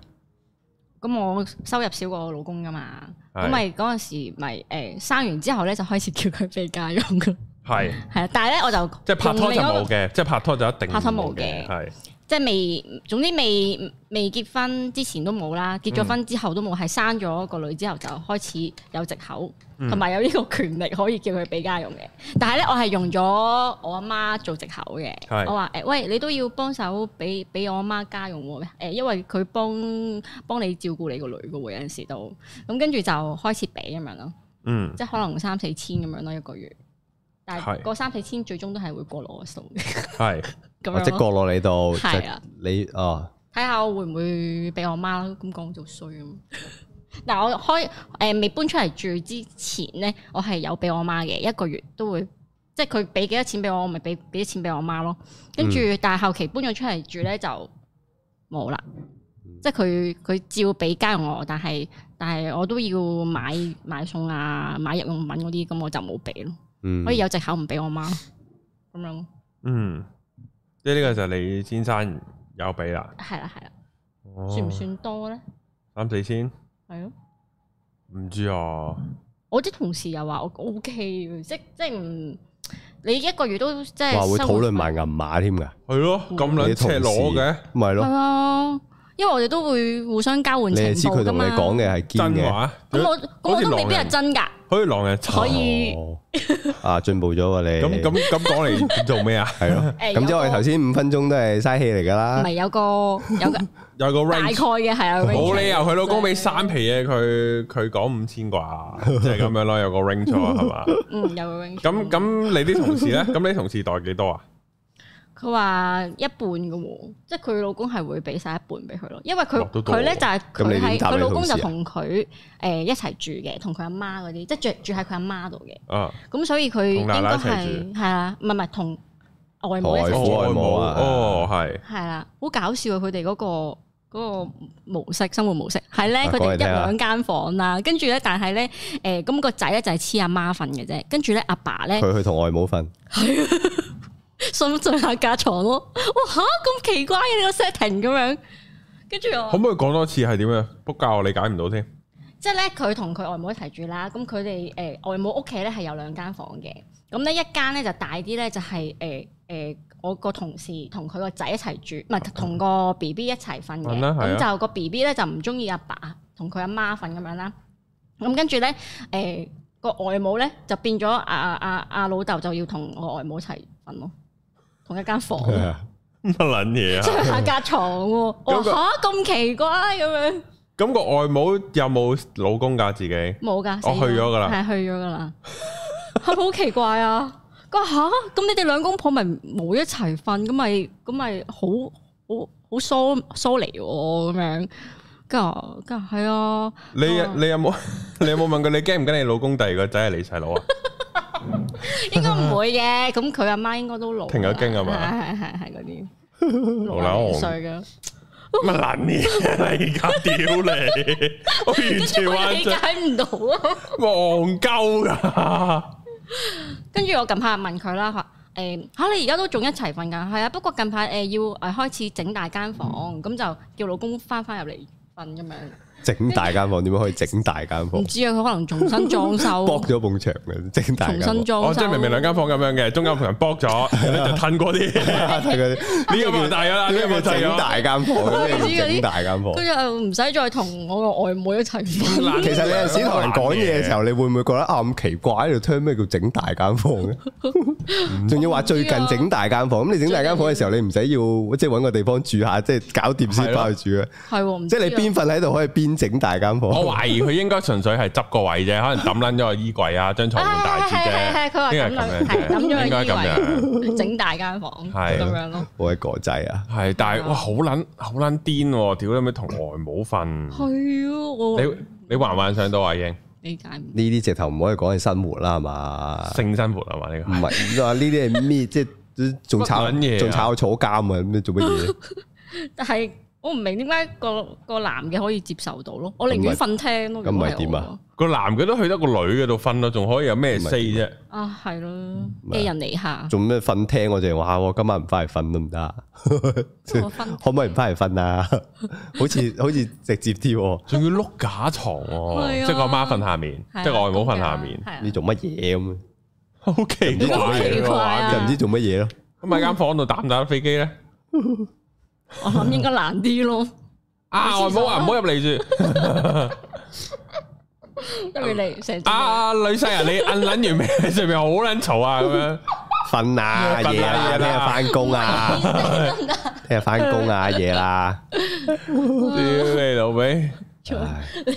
咁我收入少過我老公㗎嘛，咁咪嗰陣時咪誒、欸、生完之後咧，就開始叫佢俾家用嘅。係係啊，但係咧我就即係拍拖就冇嘅，即係拍拖就一定拍拖冇嘅係。即係未，總之未未結婚之前都冇啦，結咗婚之後都冇，係生咗個女之後就開始有藉口，同埋、嗯、有呢個權力可以叫佢俾家用嘅。但係咧，我係用咗我阿媽做藉口嘅。是我話誒、欸，喂，你都要幫手俾俾我阿媽家用嘅，誒、欸，因為佢幫幫你照顧你個女嘅喎、欸，有陣時都咁、嗯嗯、跟住就開始俾咁樣咯。嗯，即係可能三四千咁樣咯一個月。但係嗰三四千最終都係會過落我數嘅，係或者過落的你度，係、哦、啊，你啊，睇下我會唔會俾我媽咁講就衰啊？嗱， 我開誒未、呃、搬出嚟住之前咧，我係有俾我媽嘅一個月都會，即係佢俾幾多錢俾我，我咪俾幾多錢俾我媽咯。跟住但係後期搬咗出嚟住咧就冇啦，嗯、即係佢佢照俾家用我，但係但係我都要買買餸啊，買日用品嗰啲，咁我就冇俾咯。嗯、可以有藉口唔俾我媽咁樣，嗯，即係呢個就係你先生有俾啦，係啦係啦，哦、算唔算多咧？三四千，係咯了，唔知啊，我啲同事又話我 O、OK, K，即即係唔你一個月都即係，話會討論埋銀碼添嘅，係咯，咁你同佢攞嘅，咪咯，係咯了，了因為我哋都會互相交換情報噶嘛，你你真，真話，咁我咁我都未必係真噶。可以狼人殺，可以啊，進步咗喎你。咁咁咁講嚟做咩啊？係咯，咁即係我哋頭先五分鐘都係嘥氣嚟噶啦。唔係有個有個有個 range，大概嘅係啊，冇理由佢老公俾三皮嘢佢，佢講五千啩，即係咁樣咯，有個 range 係嘛。嗯，有個 range。咁咁你啲同事咧？咁你啲同事袋幾多啊？佢話一半嘅喎，即係佢老公係會俾晒一半俾佢咯，因為佢佢咧就係佢係佢老公就同佢誒一齊住嘅，同佢阿媽嗰啲，即係住住喺佢阿媽度嘅。咁、啊嗯、所以佢應該係係啊，唔係唔係同外母一齊住、哦，外母啊，啊哦係，係啦，好、啊、搞笑啊！佢哋嗰個模式生活模式係咧，佢哋一兩間房啦，跟住咧，但係咧誒，咁、呃個仔咧就係黐阿媽瞓嘅啫，跟住咧阿爸咧，佢去同外母瞓，係。 上進下架床咯，啊，哇吓咁，啊，奇怪嘅呢個 setting 咁樣，跟住我，可唔可以講多次係點樣？仆街我理解唔到添。即係咧，佢同佢外母一齊住啦。咁佢哋誒外母屋企咧係有兩間房嘅。咁咧一間咧就大啲咧，就係誒誒我個同事同佢個仔一齊住，唔係同個 B B 一齊瞓嘅。咁就個 B B 咧就唔中意阿爸同佢阿媽瞓咁樣啦。咁跟住咧誒個外母咧就變咗阿阿阿老豆就要同我外母一齊瞓咯。同一間房，乜撚嘢啊？即係下格牀喎，哇嚇咁奇怪咁樣。咁個外母有冇老公㗎？自己冇㗎，我去咗㗎啦，係去咗㗎啦，係好奇怪啊！佢嚇咁你哋兩公婆咪冇一齊瞓，咁咪咁咪好好好疏疏離喎咁樣。咁啊咁啊，係啊！你你有冇你有冇問過你驚唔驚你老公第二個仔係你細佬啊？應該唔會嘅，咁佢阿媽應該都老，停咗經啊嘛，係係係嗰啲老嘢好衰嘅，乜捻嘢嚟噶？你而家屌你！我完全理解唔到啊，戇鳩噶！跟住我近排問佢啦，話誒吓你而家都仲一齊瞓噶，係啊，不過近排誒要誒開始整大間房，咁就叫老公翻翻入嚟瞓咁樣。整大間房，點樣可以整大間房？唔知啊，佢可能重新裝修，剝咗埲牆嘅，整大間重新裝。哦，即係明明兩間房咁樣嘅，中間同人剝咗，就褪過啲，褪過啲。呢個完大咗啦，整大間房，整大間房。佢又唔使再同我個外妹一齊。其實你有時同人講嘢嘅時候，你會唔會覺得啊咁奇怪喺度聽咩叫整大間房，仲要話最近整大間房，咁你整大間房嘅時候，你唔使要即係搵個地方住下，即係搞掂先翻去住嘅。係，即係你邊瞓喺度可以整大間房，我懷疑佢應該純粹係執個位啫，可能抌撚咗個衣櫃啊，張牀大啲啫。應該係咁樣，應該咁樣整大間房，係咁樣咯。我喺國際啊，係，但係哇，好撚好撚癲喎！屌你咪同外母瞓，係喎你你還幻想到啊英？理解呢啲直頭唔可以講係生活啦，係嘛？性生活係嘛？呢個唔係話呢啲係咩？即係仲炒緊嘢，仲炒我坐監啊？咩做乜嘢？但係。我唔明點解個個男嘅可以接受到咯，我寧願瞓廳咯。咁唔係點啊？個男嘅都去得個女嘅度瞓咯，仲可以有咩事啫？啊，係咯，一人嚟下。做咩瞓廳我就話，今晚唔翻嚟瞓都唔得。可唔可以唔翻嚟瞓啊？好似好似直接啲，仲要碌架床哦。即係我媽瞓下面，即係我外母瞓下面，你做乜嘢咁？好奇怪啊！唔知做乜嘢咯？咁喺間房度打唔打飛機咧？.我諗應該難啲咯。啊，外母啊，唔好入嚟住。因為你成啊女婿啊，你摁捻完咩？你上面好捻嘈啊，咁樣瞓啊，阿爺啊，聽日翻工啊，聽日翻工啊，阿爺啦。屌你老味，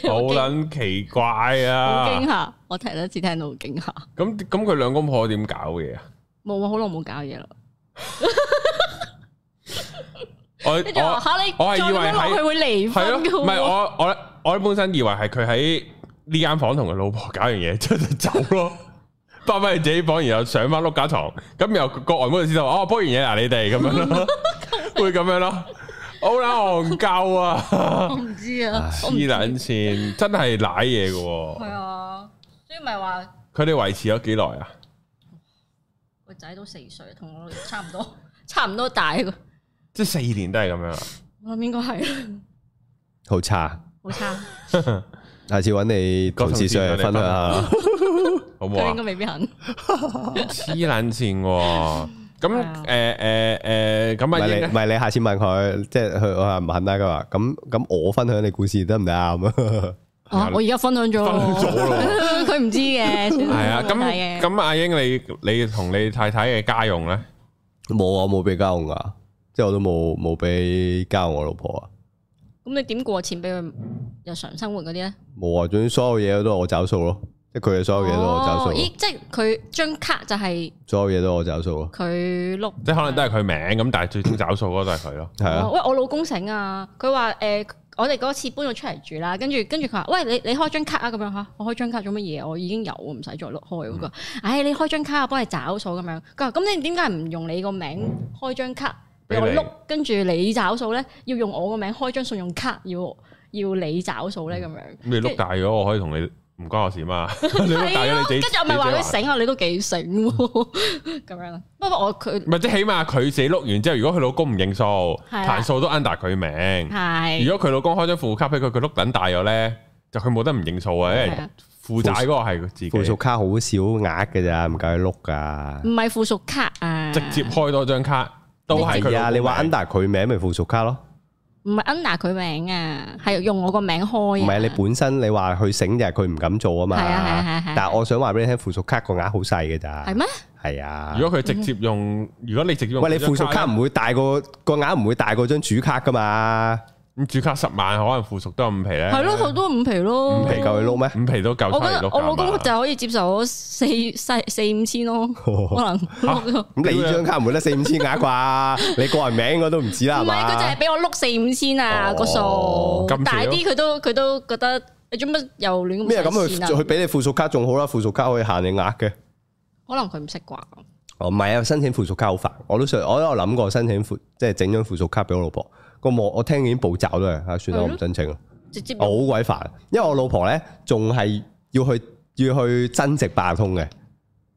好捻奇怪啊！驚吓，我睇第一次聽到驚吓。咁咁，佢兩公婆點搞嘢啊？冇啊，好耐冇搞嘢啦。我我係以為佢會離婚嘅，唔係我我我本身以為係佢喺呢間房同佢老婆搞完嘢，之後就走咯，翻翻自己房，然後上翻碌架床，咁然後個外母就知道哦，幫完嘢嗱你哋咁樣咯，會咁樣咯，好啦，憨鳩啊，我唔知啊，黐撚線，真係瀨嘢嘅，係啊，所以咪話佢哋維持咗幾耐啊，個仔都四歲，同我差唔多，差唔多大即係四年都係咁樣，我諗應該係，好差，好差。下次搵你同事上嚟分享下，好唔好？ 應該未必肯 病、啊，黐捻線。咁誒誒誒，咁咪你咪你？啊、你你下次問佢，即係佢，我唔肯啦。佢話咁咁，我分享你故事得唔得啊？我而家分享咗，佢唔 知嘅，係啊。咁咁，阿英，你你同你太太嘅家用咧？冇啊， 冇俾家用噶。即係我都冇冇俾交我老婆啊？咁你點過錢俾佢日常生活嗰啲咧？冇啊、嗯！總之所有嘢都係我找數咯，即係佢嘅所有嘢都我找數。咦、哦？即係佢張卡就係、是、所有嘢都我找數啊？佢碌錄，即係可能都係佢名咁， 但係最終找數都係佢咯。係啊。喂，我老公醒啊，佢話，誒，我哋嗰次搬咗出嚟住啦，跟住跟住佢話喂，你你開張卡啊？咁樣吓，我開張卡做乜嘢？我已經有唔使再碌開嗰個。唉、哎，你開張卡我幫你找數咁樣。佢話咁你點解唔用你個名開張卡？俾我碌，跟住你找數咧，要用我個名開張信用卡，要要你找數咧，咁樣。你碌大咗，我可以同你唔關我事嘛？碌大咗你自己。跟住我咪係話佢醒啊，你都幾醒咁樣。不過我佢唔係即起碼佢自己碌完之後，如果佢老公唔認數，彈數都 under 佢名。係。如果佢老公開張副卡俾佢，佢碌緊大咗咧，就佢冇得唔認數啊！負債嗰個係自己。附屬卡好少額嘅咋，唔夠佢碌噶。唔係附屬卡啊，直接開多張卡。都係啊！你話 Under 佢名咪附屬卡咯？唔係 Under 佢名啊，係用我個名開、啊。唔係你本身你話去醒就係佢唔敢做啊嘛。係啊係係係。啊啊啊、但係我想話俾你聽，附屬卡個額好細嘅咋。係咩嗎？係啊。如果佢直接用，嗯、如果你直接用喂。喂你附屬卡唔會大過個額唔會大過張、啊、主卡噶嘛。主卡十萬，可能附屬都有五皮咧，係咯，好多五皮咯，五皮夠你碌咩？五皮都夠撈。我覺得我老公就可以接受我四四五千咯，哦、可能碌。咁你張卡唔會得四五千額啩？ 你個人名我都唔知啦，唔係佢就係俾我碌四五千啊個數，大啲佢都佢都覺得你做乜又亂咁咩，咁佢去俾你附屬卡仲好啦，附屬卡可以限你額嘅。可能佢唔識啩？哦，唔係啊，申請附屬卡好煩，我都想，我都有諗過申請附，即係整張附屬卡俾我老婆。個我我聽見步驟都係，啊，算啦，唔申請，直接好鬼煩。因為我老婆咧仲係要去要去增值八通嘅，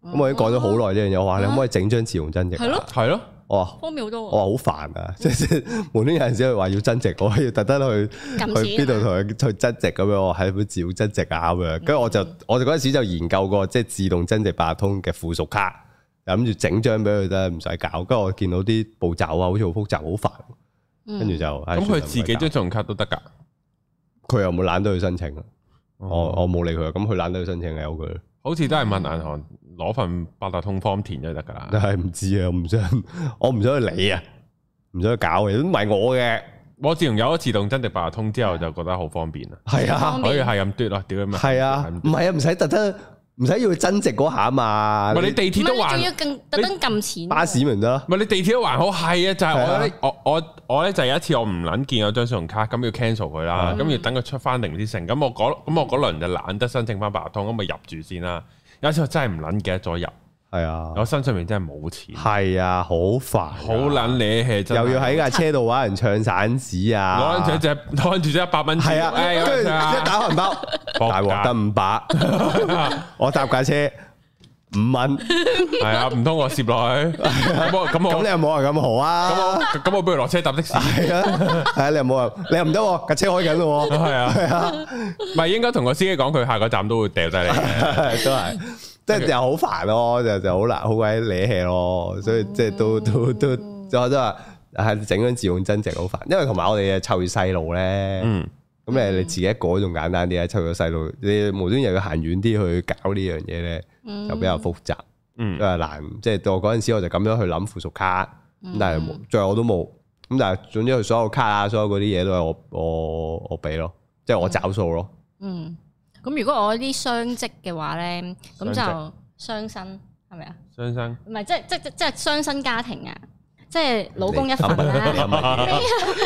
咁我已經講咗好耐呢樣嘢，我話你可唔可以整張自動增值？係咯，係咯。我方便好多。我話好煩噶，即係即係，無端有陣時佢話要增值，我要特登去去邊度同佢去增值咁樣，我喺本紙要增值啊咁樣。跟住我就我就嗰陣時就研究過，即係自動增值八通嘅附屬卡，諗住整張俾佢啫，唔使搞。跟住我見到啲步驟啊，好似好複雜，好煩。跟住就咁佢、嗯、自己張信用卡都得噶，佢又冇懶到去申請啊、嗯！我我冇理佢啊！咁佢懶到去申請嘅，有佢好似都係問銀行攞份八達通 form 填就得噶啦，但係唔知啊，我唔想我唔想去理啊，唔想去搞嘅，都唔係我嘅。我，我，我自從有咗自動增值八達通之後，啊、就覺得好方便啊！係啊，可以係咁嘟咯，點啊嘛？係啊，唔係啊，唔使特登。唔使要去增值嗰下啊嘛，唔係你地鐵都仲要更特登撳錢，巴士咪啦。唔係你地鐵都還好，係啊，啊就係、是、我咧、啊，我我我咧就有一次我唔撚見有張信用卡，咁要 cancel 佢啦，咁要、嗯、等佢出翻零啲成，咁我嗰咁我嗰輪就懶得申請翻八達通，咁咪入住先啦，有一次我真係唔撚記得咗入。係啊，我身上面真係冇錢。係啊，好煩，好捻攣氣，又要喺架車度玩人唱散紙啊！攞住隻，攞住隻一百蚊。係啊，跟住一打紅包，大鑊得五百。我搭架車五蚊，係啊，唔通我攝落去？咁你又冇人咁豪啊？咁我咁我不如落車搭的士。係啊，係啊，你又冇人，你又唔得架車開緊咯？係啊，係啊，唔係應該同個司機講，佢下個站都會掉低你，都係。即係又好煩咯，就就好難，好鬼理氣咯，所以即係都都都，即係都話係整嗰啲自用增值好煩，因為同埋我哋要湊細路咧，咁你、嗯、你自己一個仲簡單啲，湊個細路，你無端又要行遠啲去搞呢樣嘢咧，就比較複雜，都係、嗯、難。即係到嗰陣時我就咁樣去諗附屬卡，但係最後我都冇，咁但係總之佢所有卡啊，所有嗰啲嘢都係我我我俾咯，即係我找數咯嗯。嗯。咁如果我啲雙職嘅話呢，咁跡就雙薪，是不是雙薪，係咪啊？就是就是就是、雙薪唔係，即係即係即係雙薪家庭啊！即係老公一份啦，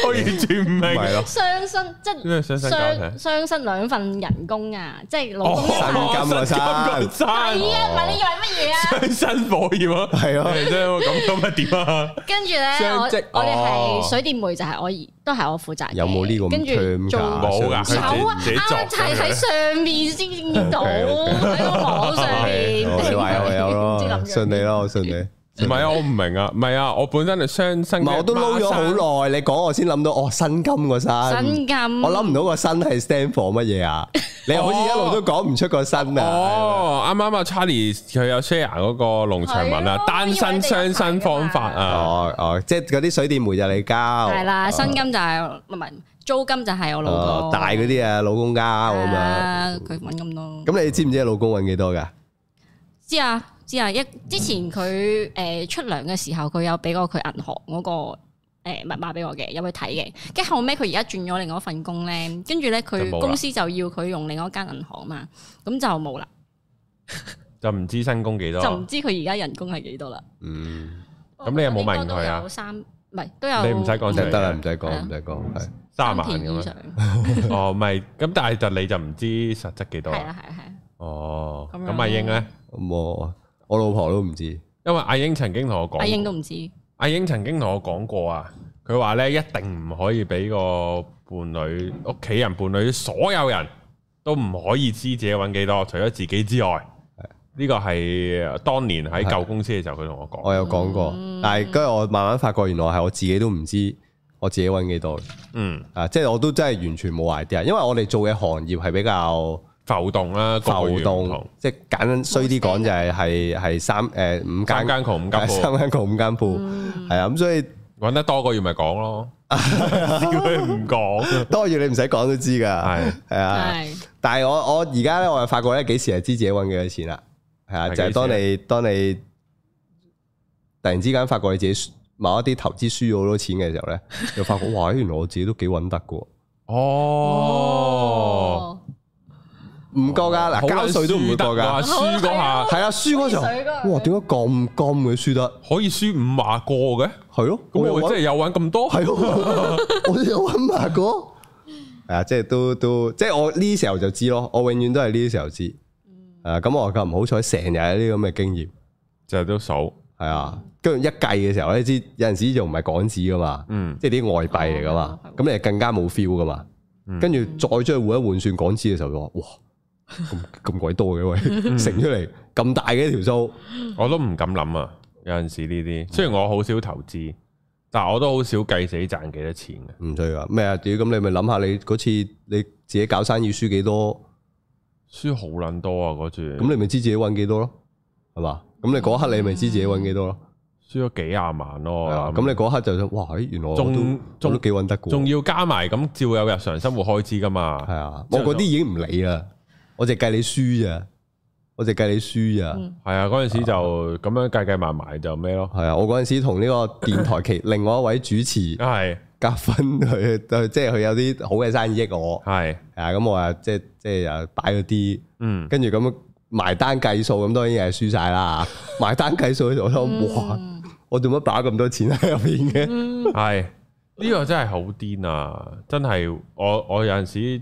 我完全唔係咯？雙薪，即係雙薪雙兩份人工啊！即係老公三金啊！神金啊！唔係，你以為乜嘢啊？雙薪可以喎，係啊！即係咁咁係點啊？跟住咧，我哋係水電煤，就係我而都係我負責。有冇呢個？跟住仲冇噶，有啊！啱啱睇喺上面先見到喺個網上面。小壞有，友咯，信你咯，我信你。唔係啊，我唔明啊，唔係啊，我本身係雙薪。唔係，我都撈咗好耐，你講我先諗到哦，薪金個薪。薪金。我諗唔到個薪係 stand for 乜嘢啊？你好似一路都講唔出個薪啊。哦，啱啱啊，Charlie 佢有 share 嗰個農場文啊，單身雙薪方法啊，哦哦，即係嗰啲水電煤就你交。係啦，薪金就係唔係租金就係我老公。大嗰啲啊，老公交咁啊，佢搵咁多。咁你知唔知你老公搵幾多噶知啊。知啊！一之前佢誒出糧嘅時候，佢有俾個佢銀行嗰個誒密碼俾我嘅，有去睇嘅。跟住後尾佢而家轉咗另外一份工咧，跟住咧佢公司就要佢用另外一間銀行嘛，咁就冇啦。就唔知新工幾多，就唔知佢而家人工係幾多啦。嗯，咁你又冇問佢啊？有三唔係都有。你唔使講就得啦，唔使講唔使講，係三萬咁樣。哦，咪咁，但係就你就唔知實質幾多啦。係啊係啊係。哦，咁阿鷹咧冇。我老婆都唔知，因為阿鷹曾經同我講，阿鷹都唔知。阿鷹曾經同我講過啊，佢話咧一定唔可以俾個伴侶、屋企人、伴侶所有人都唔可以知自己揾幾多，除咗自己之外，呢是個係當年喺舊公司嘅時候佢同我講。我有講過，嗯、但係跟住我慢慢發覺，原來係我自己都唔知我自己揾幾多。嗯，啊，即、就、係、是、我都真係完全冇 idea，因為我哋做嘅行業係比較。浮動啦，浮動，即係簡單衰啲講就係係係三誒五間，三間鋪五間鋪，係啊，咁所以搵得多個月咪講咯，唔講，多月你唔使講都知噶，係係啊，但係我我而家咧，我係發覺咧，幾時係知自己搵幾多錢啦？係啊，就係當你當你突然之間發覺你自己某一啲投資輸咗好多錢嘅時候咧，又發覺哇，原來我自己都幾搵得噶，哦。唔夠噶嗱，交稅都唔夠噶。輸嗰下，係啊，輸嗰時候，哇，點解咁咁嘅？輸得可以輸五萬個嘅，係咯？咁我真係有玩咁多，係咯？我有玩五萬個，係啊，即係都都，即係我呢時候就知咯。我永遠都係呢時候知，誒，咁我唔好彩，成日有呢咁嘅經驗，就係都數係啊。跟住一計嘅時候咧，知有陣時就唔係港紙噶嘛，即係啲外幣嚟噶嘛，咁你更加冇 feel 噶嘛。跟住再將佢換一換算港紙嘅時候，就話哇！咁咁鬼多嘅喂， 嗯、成出嚟咁大嘅一條數，我都唔敢諗啊！有陣時呢啲，雖然我好少投資，但係我都好少計自己賺幾多錢嘅。唔對啊？咩啊？屌，咁你咪諗下你嗰次你自己搞生意輸幾多？輸好捻多啊！嗰次，咁你咪知自己搵幾多咯？係嘛？咁你嗰刻你咪知自己搵、嗯、幾多咯？輸咗幾廿萬咯，咁你嗰刻就想哇！原來仲仲都，還都幾揾得過，仲要加埋咁，照有日常生活開支噶嘛？係啊，我嗰啲已經唔理啦。我只計你輸咋，我只計你輸咋，係啊、嗯，嗰陣、嗯、時就咁樣計計埋埋就咩咯，係啊，我嗰陣時同呢個電台其另外一位主持係夾分佢，即係佢有啲好嘅生意益我，係 的，啊，咁我啊即即又擺咗啲，嗯，跟住咁埋單計數，咁當然係輸晒啦，埋單計數，我想，哇，我做乜擺咁多錢喺入邊嘅，係，呢個真係好癲啊，真係，我我有陣時。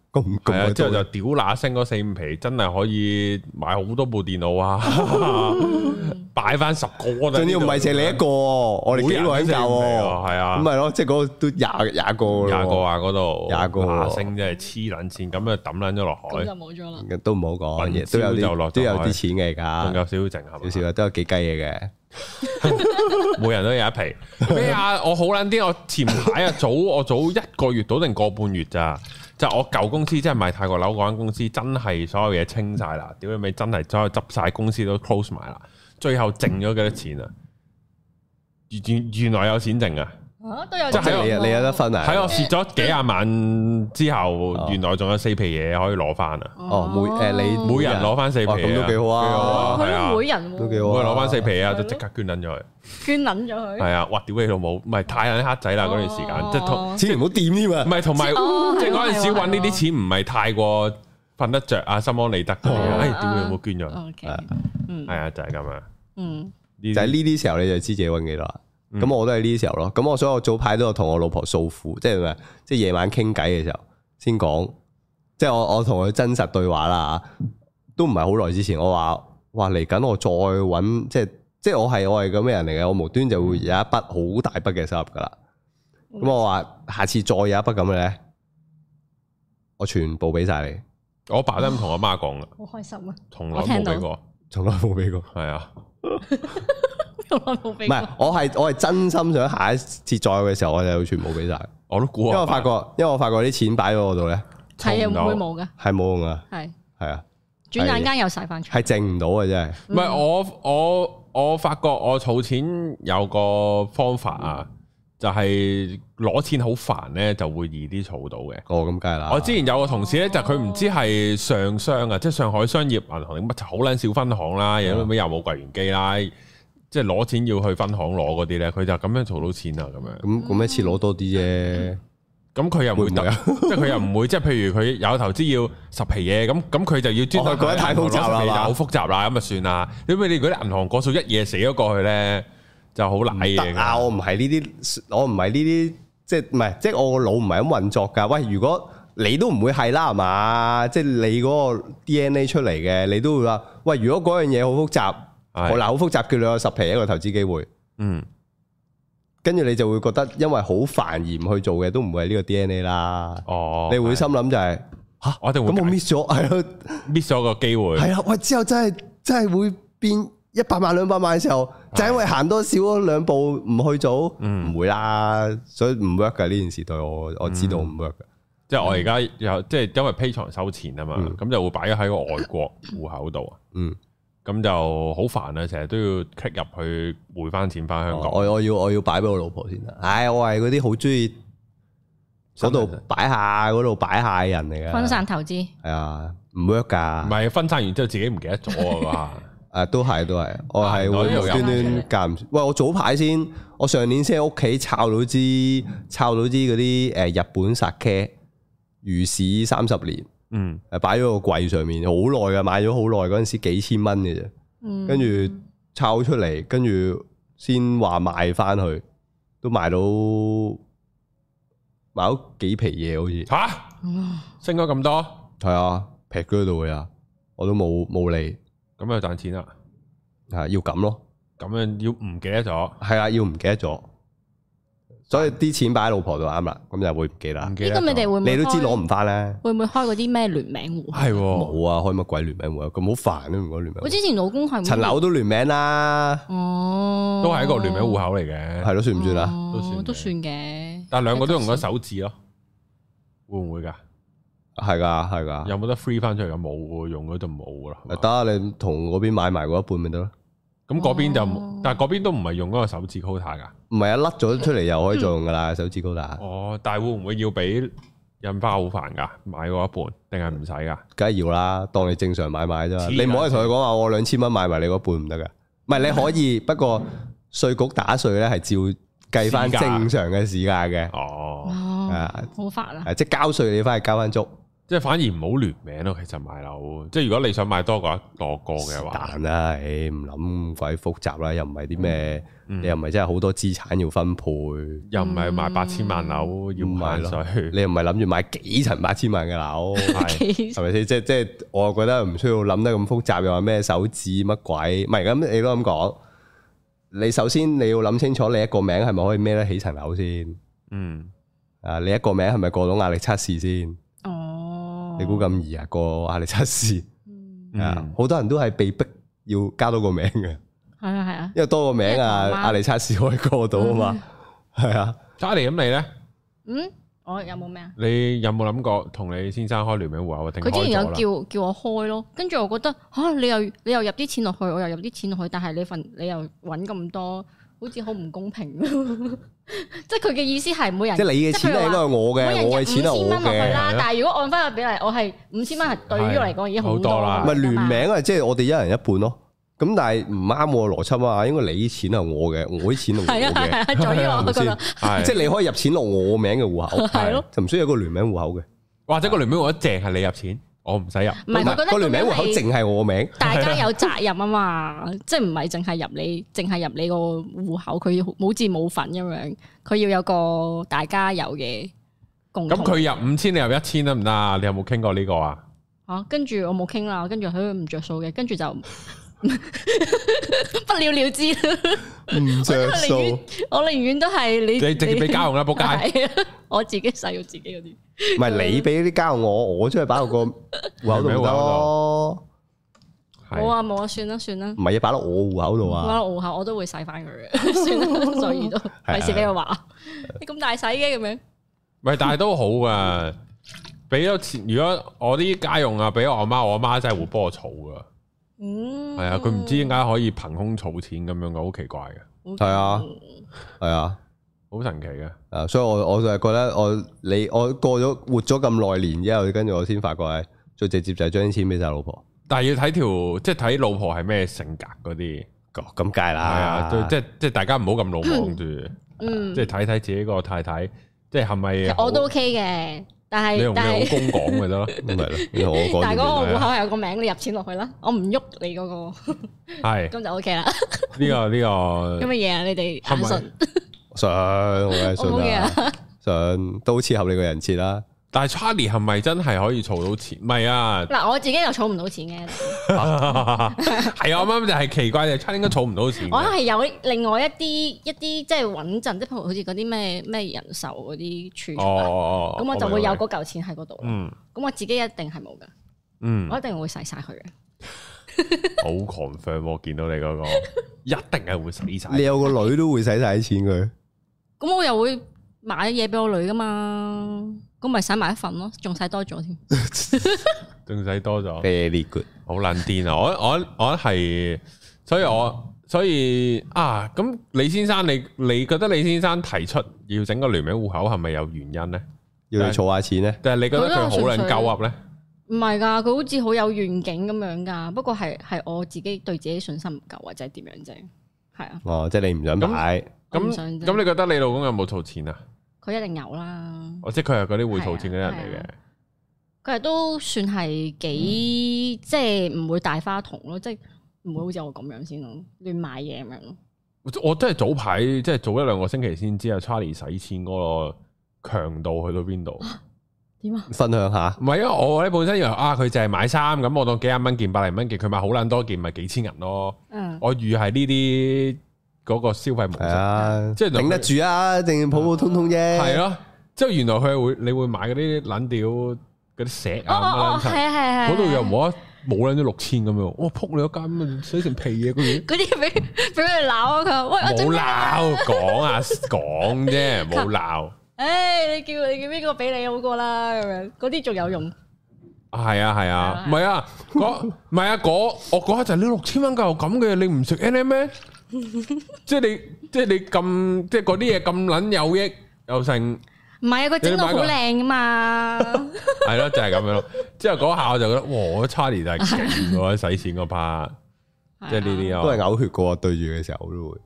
咁咁，之後就屌乸升嗰四五皮，真係可以買好多部電腦啊！擺翻十個，仲要唔係借你一個，我哋幾位有係啊？咁咪咯，即係嗰個都廿廿個廿個啊，嗰度廿個下星，真係黐撚線，咁就抌撚咗落海，咁就冇咗都唔好講，都有就落，都有啲錢嘅而家。仲有少少剩，少少都有幾雞嘢嘅，每人都有一皮。咩啊？我好撚啲，我前排啊，早我早一個月到定個半月咋。就我舊公司，即係賣泰國樓嗰間公司真， 真係所有嘢清晒啦，屌你咪真係所有執晒公司都 close 埋啦，最後剩咗幾多錢啊？原原來有錢剩啊！都有即係你有得分啊！喺我蝕咗幾廿萬之後，原來仲有四皮嘢可以攞翻啊！哦，每誒你每人攞翻四皮，咁都幾好啊！佢每人都幾好，每人攞翻四皮啊，就即刻捐捻咗佢，捐捻咗佢係啊！哇，屌你老母，唔係太捻黑仔啦！嗰段時間即係錢唔好掂添啊！唔係同埋即係嗰陣時揾呢啲錢唔係太過瞓得着啊，心安理得嗰啲啊！哎，屌你老母，捐咗，嗯，係啊，就係咁啊，嗯，就喺呢啲時候你就知自己揾幾多啊！咁、嗯、我都係呢時候咯，咁我所以我早排都有同我老婆訴苦，即係咩？即係夜晚傾偈嘅時候先講，即係我我同佢真實對話啦，都唔係好耐之前，我話話嚟緊我再搵，即係即係我係我係咁嘅人嚟嘅？我無端就會有一筆好大筆嘅收入噶啦，咁、嗯、我話下次再有一筆咁嘅咧，我全部俾曬你，我爸都唔同阿媽講噶，好開心啊，從來冇俾過，從來冇俾過，係啊。唔係，我係我係真心想下一次再嘅時候，我就會全部俾晒。我都估，因為我發覺，因為我發覺啲錢擺喺我度咧，係又唔會冇嘅，係冇用啊，係係啊，轉眼間又晒翻出，係剩唔到嘅啫。唔係我我我發覺我儲錢有個方法啊，就係攞錢好煩咧，就會易啲儲到嘅。哦，咁梗係啦。我之前有個同事咧，就佢唔知係上商啊，即係上海商業銀行定乜好撚少分行啦，又冇櫃員機啦。即係攞錢要去分行攞嗰啲咧，佢就咁樣儲到錢啊，咁樣咁咁一次攞多啲啫。咁佢又唔會，即係佢又唔會，即係譬如佢有投資要十皮嘢咁，咁佢就要專覺得太複雜啦，好有複雜啦，咁啊算啦。因為你如果銀行個數一夜死咗過去咧，就好難嘅。得啊，我唔係呢啲，我唔係呢啲，即係唔係，即係我個腦唔係咁運作噶。喂，如果你都唔會係啦，係嘛？即係你嗰個 DNA 出嚟嘅，你都會話喂，如果嗰樣嘢好複雜。嗱，好複雜，叫你有十皮一個投資機會，嗯，跟住你就會覺得因為好煩而唔去做嘅，都唔會係呢個 DNA 啦。哦，你會心諗就係吓，我哋咁我 miss 咗，係咯，miss 咗個機會。係啦，喂，之後真係真係會變一百萬兩百萬嘅時候，就係因為行多少兩步唔去做，唔會啦，所以唔 work 嘅呢件事對我我知道唔 work 嘅。即係我而家有即係因為 Patreon 收錢啊嘛，咁就會擺咗喺個外國戶口度啊。嗯。咁就好煩啊！成日都要 click 入去匯翻錢翻香港。我、哦、我要我要擺俾我老婆先啊！唉、哎，我係嗰啲好中意嗰度擺下嗰度擺下嘅人嚟嘅。分散投資係啊，唔 work 噶，唔係分散完之後自己唔記得咗啊嘛。誒、 啊，都係都係，我係無端端夾喂，我早排先，我上年先喺屋企炒到支炒到支嗰啲誒日本殺 K，如是三十年。嗯，誒，擺咗個櫃上面好耐嘅，買咗好耐，嗰陣時幾千蚊嘅啫，跟住、嗯、抄出嚟，跟住先話賣翻去，都賣到賣到幾皮嘢好似，吓、啊，升咗咁多，係啊，劈咗喺度啊，我都冇冇理，咁又賺錢啦，係要咁咯，咁樣要唔記得咗，係啊，要唔記得咗。所以啲錢擺喺老婆度啱啦，咁就會唔記得？依家你哋會唔會？你都知攞唔翻咧？會唔會開嗰啲咩聯名戶？係喎，冇啊，開乜鬼聯名戶？咁好煩啊！唔講聯名。我之前老公係陳樓都聯名啦。哦，都係一個聯名戶口嚟嘅，係咯，算唔算啊？都算嘅。但係兩個都用咗手指咯，會唔會㗎？係㗎，係㗎。有冇得 free 翻出嚟？冇喎，用咗就冇啦。得，你同嗰邊買埋嗰一半咪得咯。咁嗰邊就，但係嗰邊都唔係用嗰個手指高塔噶，唔係啊，甩咗出嚟又可以做用噶啦，手指高塔。哦，但係會唔會要俾印花好煩噶？買嗰一半定係唔使噶？梗係要啦，當你正常買買啫。你唔可以同佢講話，我兩千蚊買埋你嗰半唔得嘅。唔係你可以，不過稅局打稅咧係照計翻正常嘅市價嘅。哦，啊，好煩啊！即係交稅你翻去交翻足。即係反而唔好聯名咯，其實買樓，即係如果你想買多過一個嘅話，難啦，唔諗咁鬼複雜啦，又唔係啲咩，嗯、你又唔係真係好多資產要分配，嗯、又唔係買八千萬樓要買水，你又唔係諗住買幾層八千萬嘅樓，係咪先？即係即係，我覺得唔需要諗得咁複雜，又話咩手指乜鬼，唔係咁，你都咁講，你首先你要諗清楚你一個名係咪可以孭得起層樓先，嗯，啊，你一個名係咪過到壓力測試先？嗯你估咁易啊？過壓力測試啊，好 Yeah. 多人都係被逼要加多個名嘅。係啊係啊，因為多個名啊，壓力測試可以過到啊嘛。係 Yeah, yeah.、嗯、啊，Charlie 咁你咧？嗯，我有冇咩啊？你有冇諗過同你先生開聯名戶口？佢之前有叫叫我開咯，跟住我覺得吓、啊，你又你又入啲錢落去，我又入啲錢落去，但係你份你又搵咁多。好似好唔公平， 即係佢嘅意思係每人即係你嘅錢係都係我嘅，我嘅錢都係我嘅啦。的但係如果按翻個比例，我係五千蚊係對於我嚟講已經好多啦。咪係聯名啊，即、就、係、是、我哋一人一半咯。咁但係唔啱我嘅邏輯啊，應該你錢係我嘅，我啲錢係我嘅。啊，係即係你可以入錢落我名嘅戶口，係咯的，就唔需要有個聯名戶口嘅，或者、個聯名戶一淨係你入錢。我唔使入，唔係，我覺得嗰個聯名戶口淨係我個名，大家有責任啊嘛，即係唔係淨係入你，淨係入你個戶口，佢好似冇份咁樣，佢要有個大家有嘅共。咁佢入五千，你入一千得唔得啊？你有冇傾過呢個啊？啊，跟住我冇傾啦，跟住佢唔着數嘅，跟住就。 不了了之，唔着數，我寧願都係你，你直接俾家用啦，仆街， 我自己使我自己嗰啲。唔係你俾啲家用我，我出去擺落個戶口度冇啊，冇啊， 算啦算啦。唔係要擺落我戶口度啊，擺落戶口我都會使翻佢嘅。算啦， 所以都費、 啊、事俾我話，你咁大使嘅咁樣。唔係，但係都好噶。俾咗錢，如果我啲家用啊，俾我阿媽，我阿媽真係會幫我儲噶。嗯，係啊，佢唔知點解可以憑空儲錢咁樣嘅，好奇怪嘅，係啊 Okay.，係啊，好神奇嘅，啊，所以我我就係覺得我你我過咗活咗咁耐年之後，跟住我先發覺，最直接就係將啲錢俾晒老婆，但係要睇條，即係睇老婆係咩性格嗰啲，咁梗係啦，係、嗯、啊，即係即係大家唔好咁老莽住，嗯嗯、即係睇睇自己個太太，即係係咪我都 OK 嘅？但係你同你老公講咪得咯，咪咯，但係嗰個戶口有個名，你入錢落去啦，我唔喐你嗰、那個，係咁就 O K 啦。呢、 這個呢、這個有乜嘢啊？你哋信唔信？信我想，信啊！我啊信都好似合你個人設啦、啊。但係 Charlie 係咪真係可以儲到錢？唔係啊！嗱，我自己又儲唔到錢嘅，係啊，我啱啱就係奇怪嘅，Charlie 應該儲唔到錢。我係有另外一啲一啲即係穩陣，即係譬如好似嗰啲咩咩人壽嗰啲儲蓄啊，咁我就會有嗰嚿錢喺嗰度。咁我自己一定係冇嘅，嗯，我一定會使晒佢嘅。好 confirm，我見到你嗰個一定係會使晒。你有個女都會使晒啲錢佢，咁我又會買嘢俾我女噶嘛。咁咪使埋一份咯，仲使多咗添，仲使多咗，very good，好難癲啊！我我我係，所以我所以啊，咁李先生，你你覺得李先生提出要整個聯名戶口係咪有原因咧？要你儲下錢咧？但係你覺得佢好撚夠 up 咧？唔係噶，佢好似好有願景咁樣噶，不過係係我自己對自己信心唔夠或者點樣啫，係啊。哦，即係你唔想買，咁咁你覺得你老公有冇儲錢啊？佢一定有啦，哦，即佢係嗰啲會儲錢嗰啲人嚟嘅，佢係、啊啊、都算係幾，嗯、即係唔會大花筒咯，即係唔會好似我咁樣先咯，亂買嘢咁樣咯。我我真係早排即係早一兩個星期先知啊，Charlie 使錢嗰個強度去到邊度？點啊？啊分享下，唔係啊，因為我咧本身以為啊，佢淨係買衫咁，我當幾十蚊件，百零蚊件，佢買好捻多件，咪幾千銀咯。嗯，我預係呢啲。嗰個消費模式，即係頂得住啊，定普普通通啫。係咯，即係原來佢會，你會買嗰啲冷掉嗰啲石啊，嗰度又冇啊，冇冷到六千咁樣，哇，仆你一間，使成屁嘢嗰啲，嗰啲俾俾佢鬧啊，佢冇鬧，講啊講啫，冇鬧。誒，你叫你叫邊個俾你好過啦？咁樣嗰啲仲有用。係啊係啊，唔係啊，嗰唔係啊，我嗰下就拎你六千蚊夠咁嘅，你唔食 N M 咩？ 即係你，即係你咁，即係嗰啲嘢咁捻有益又成，唔係啊佢整到好靚噶嘛，係咯 就係、是、咁樣咯。之後嗰下我就覺得哇，Charlie 就係使錢個 part，即係呢啲都係嘔血過對住嘅時候我都會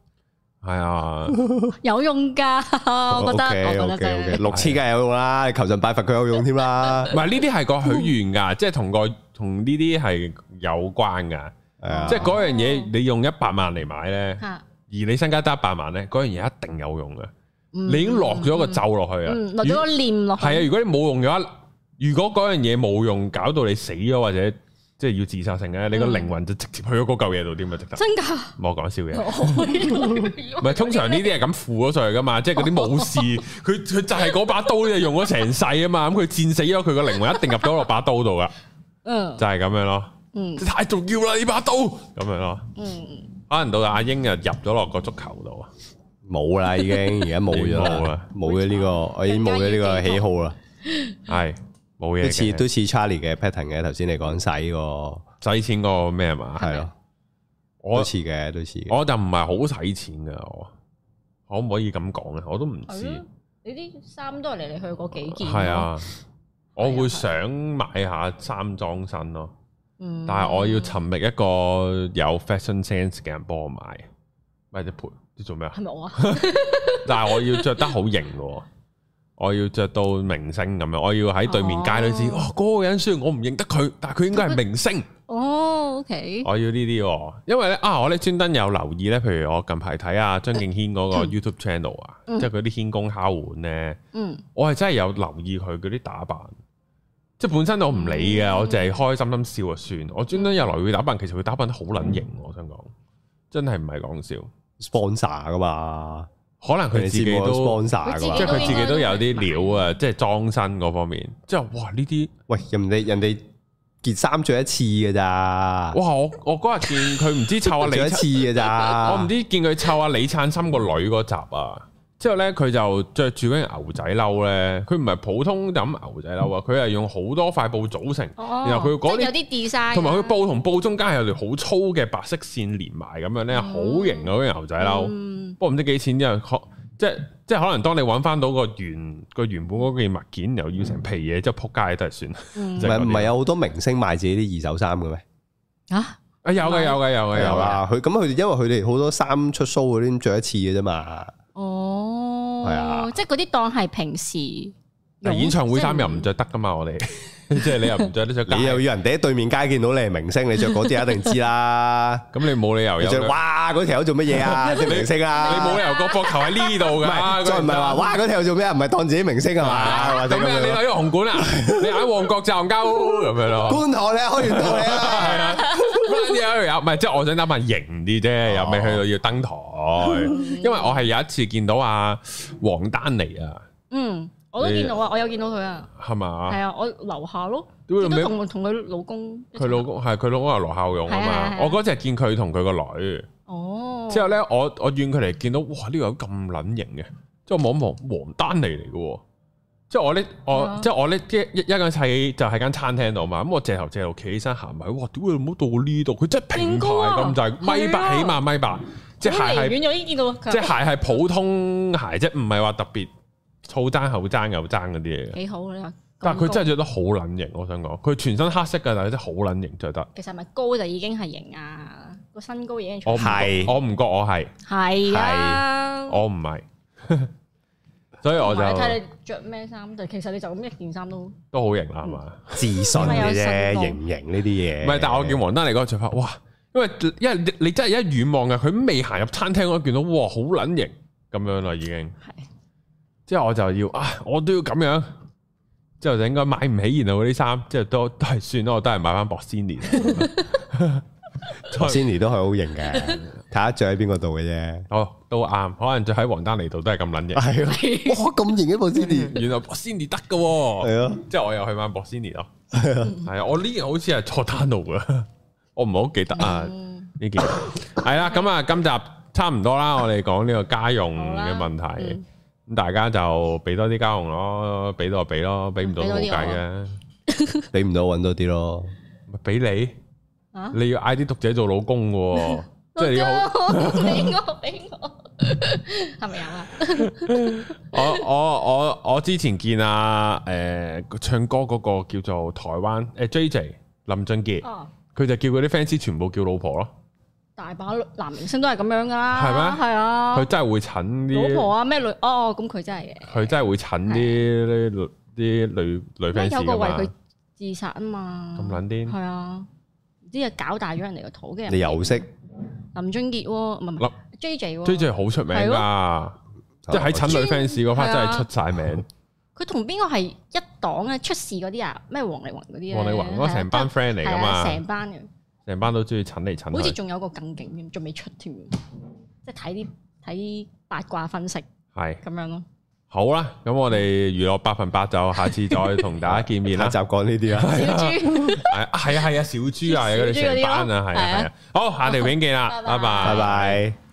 係啊， 有用噶，我覺得 o OK OK，六次梗係有用啦， 你求神拜佛佢有用添啦。唔係呢啲係個許願噶，即係同個同呢啲係有關噶。即係嗰樣嘢，你用一百萬嚟買咧，而你身家得一百萬咧，嗰樣嘢一定有用嘅。你已經落咗個咒落去啦，落咗個念落去。係啊，如果你冇用嘅話，如果嗰樣嘢冇用，搞到你死咗或者即係要自殺性嘅，你個靈魂就直接去咗嗰嚿嘢度添值得？真噶，冇講笑嘅。唔係通常呢啲係咁附咗上去噶嘛，即係嗰啲武士，佢佢就係嗰把刀就用咗成世啊嘛。咁佢戰死咗，佢個靈魂一定入咗落把刀度噶。嗯，就係咁樣咯。嗯，太重要啦！呢把刀咁樣咯。嗯嗯，啱唔到阿英又入咗落個足球度啊，冇啦已經，而家冇咗啦，冇咗呢個，我已經冇咗呢個喜好啦，係冇嘢。都似都似 Charlie 嘅 pattern 嘅，頭先你講使個使錢個咩嘛？係咯，我似嘅，都似。我就唔係好使錢噶，我可唔可以咁講咧？我都唔知。你啲衫都係嚟嚟去去嗰幾件。係啊，我會想買下衫裝身咯。嗯、但係我要尋覓一個有 fashion sense 嘅人幫我買，買一盤，你做咩啊？係咪我啊？ 但係我要着得好型，我要着到明星咁樣，我要喺對面街都知，哦，嗰、哦嗰個人雖然我唔認得佢，但係佢應該係明星。哦，OK。我要呢啲，因為咧啊，我咧專登有留意咧，譬如我近排睇阿張敬軒嗰個 YouTube channel 啊，即係佢啲天工敲碗咧，嗯，嗯我係真係有留意佢嗰啲打扮。即係本身我唔理噶，嗯、我淨係開心心笑就算。我專登又來佢打扮，其實佢打扮得好撚型。嗯、我想講，真係唔係講笑。sponsor 噶嘛？可能佢自己都 sponsor 噶嘛，即係佢自己都有啲料啊！即係裝身嗰方面，即係哇呢啲喂人哋人哋件衫着一次噶咋？哇！我我嗰日見佢唔知湊阿李一次噶咋？我唔知見佢湊阿李燦森個女嗰集啊！之後咧，佢就着住嗰件牛仔褸咧，佢唔係普通咁牛仔褸啊，佢係用好多塊布組成，然後佢嗰啲，同埋佢布同布中間係有條好粗嘅白色線連埋咁樣咧，好型啊嗰件牛仔褸，不過唔知幾錢之後，即係即係可能當你揾翻到個原個原本嗰件物件，又要成皮嘢，即係撲街都係算。唔係唔係有好多明星賣自己啲二手衫嘅咩？啊有嘅有嘅有嘅有啦，佢咁佢哋因為佢哋好多衫出 show 嗰啲着一次嘅啫嘛。係啊，嗯、即係嗰啲當係平時。嗱，演唱會衫又唔着得噶嘛，我哋即係你又唔着得啲，你又要人哋喺對面街見到你係明星，你就嗰隻一定知啦。咁 你冇理由，即係哇，嗰條做乜嘢啊？你明星啊？ 你冇理由個膊頭喺呢度噶，再唔係話哇，嗰條做咩啊？唔係當自己明星啊嘛？咁 啊？你喺紅館啊？你喺旺角站鳩咁樣咯？觀塘咧，可以到啊。有唔係即係我想打扮型啲啫，又未去到要登台。哦，因為我係有一次見到阿王丹妮啊，嗯，我都見到，到吧啊，我有見到佢啊，係嘛，係啊，我樓下咯，同佢麼老，老公，佢老公係佢老公係羅孝勇啊嘛，啊啊我嗰只係見佢同佢個女，哦，之後咧我我遠佢嚟見到，哇，呢位咁撚型嘅，即係我望一望，王丹妮嚟嘅。即係我呢，我即係我呢，一一一間喺就喺間餐廳度嘛。咁我借頭借頭企起身行埋，哇！屌會唔好到呢度，佢真係平台咁滯，米八起碼米八，即係鞋係即係鞋係普通鞋即唔係話特別粗踭厚踭又踭嗰啲嘢。幾好啦，但係佢真係着得好撚型，我想講，佢全身黑色噶，但係真好撚型，着得。其實係咪高就已經係型啊？個身高已經出係，我唔覺我係係啊，我唔係。所以我就睇你着咩衫，就其實你就咁一件衫都都好型啦，係嘛？自信嘅啫，型唔型呢啲嘢？唔係，但係我叫黃丹妮嗰陣翻，哇！因為因為你真係一遠望嘅，佢未行入餐廳我都見到，哇，好撚型咁樣啦，已經。係是。之後我就要啊，我都要咁樣。之後就應該買唔起，然後嗰啲衫，即係都都係算咯，我都係買翻博斯尼。 博斯尼都係好型嘅，睇下着喺邊個度嘅啫。哦，都啱，可能着喺黃丹妮度都係咁撚型。係的，咁型嘅博斯尼， 原來博斯尼得嘅。係咯的，即係我又去買博斯尼咯。係啊，係啊，我呢人好似係佐丹奴嘅，我唔好記得啊呢件。係啦， 咁啊，今集差唔多啦，我哋講呢個家用嘅問題，咁呢大家就俾多啲家用咯，俾就俾咯，俾唔 到都冇計嘅，俾唔到揾多啲咯，咪俾你。你要嗌啲讀者做老公喎，即係你好，俾我俾我，係咪有啊？我我我我之前見啊，誒，唱歌嗰個叫做台灣誒 JJ 林俊傑，佢就叫佢啲 fans 全部叫老婆咯。大把男明星都係咁樣噶啦，係咩？係啊，佢真係會蠢啲老婆啊，咩女哦，咁佢真係嘅，佢真係會蠢啲啲女啲女女 fans 啊嘛。有個為佢自殺啊嘛，咁卵癲係啊。啲搞大咗人哋個肚嘅人，你又識林俊傑喎？唔唔，JJ，JJ 好出名噶，即係喺襯女 fans 嗰 part 真係出晒名。佢同邊個係一黨嘅出事嗰啲啊？咩王力宏嗰啲咧？王力宏嗰成班 friend 嚟噶嘛？成班嘅，成班都中意襯嚟襯。好似仲有個更勁嘅，仲未出添，即係睇啲睇八卦分析，係咁樣咯。好啦，咁我哋娛樂百分百就下次再同大家見面啦，習慣呢啲啦。小豬豬係啊係 啊小豬啊，啊，小豬嗰、啊、班啊，係啊係啊，啊。好，下條片見啦，拜拜好拜拜。拜拜拜拜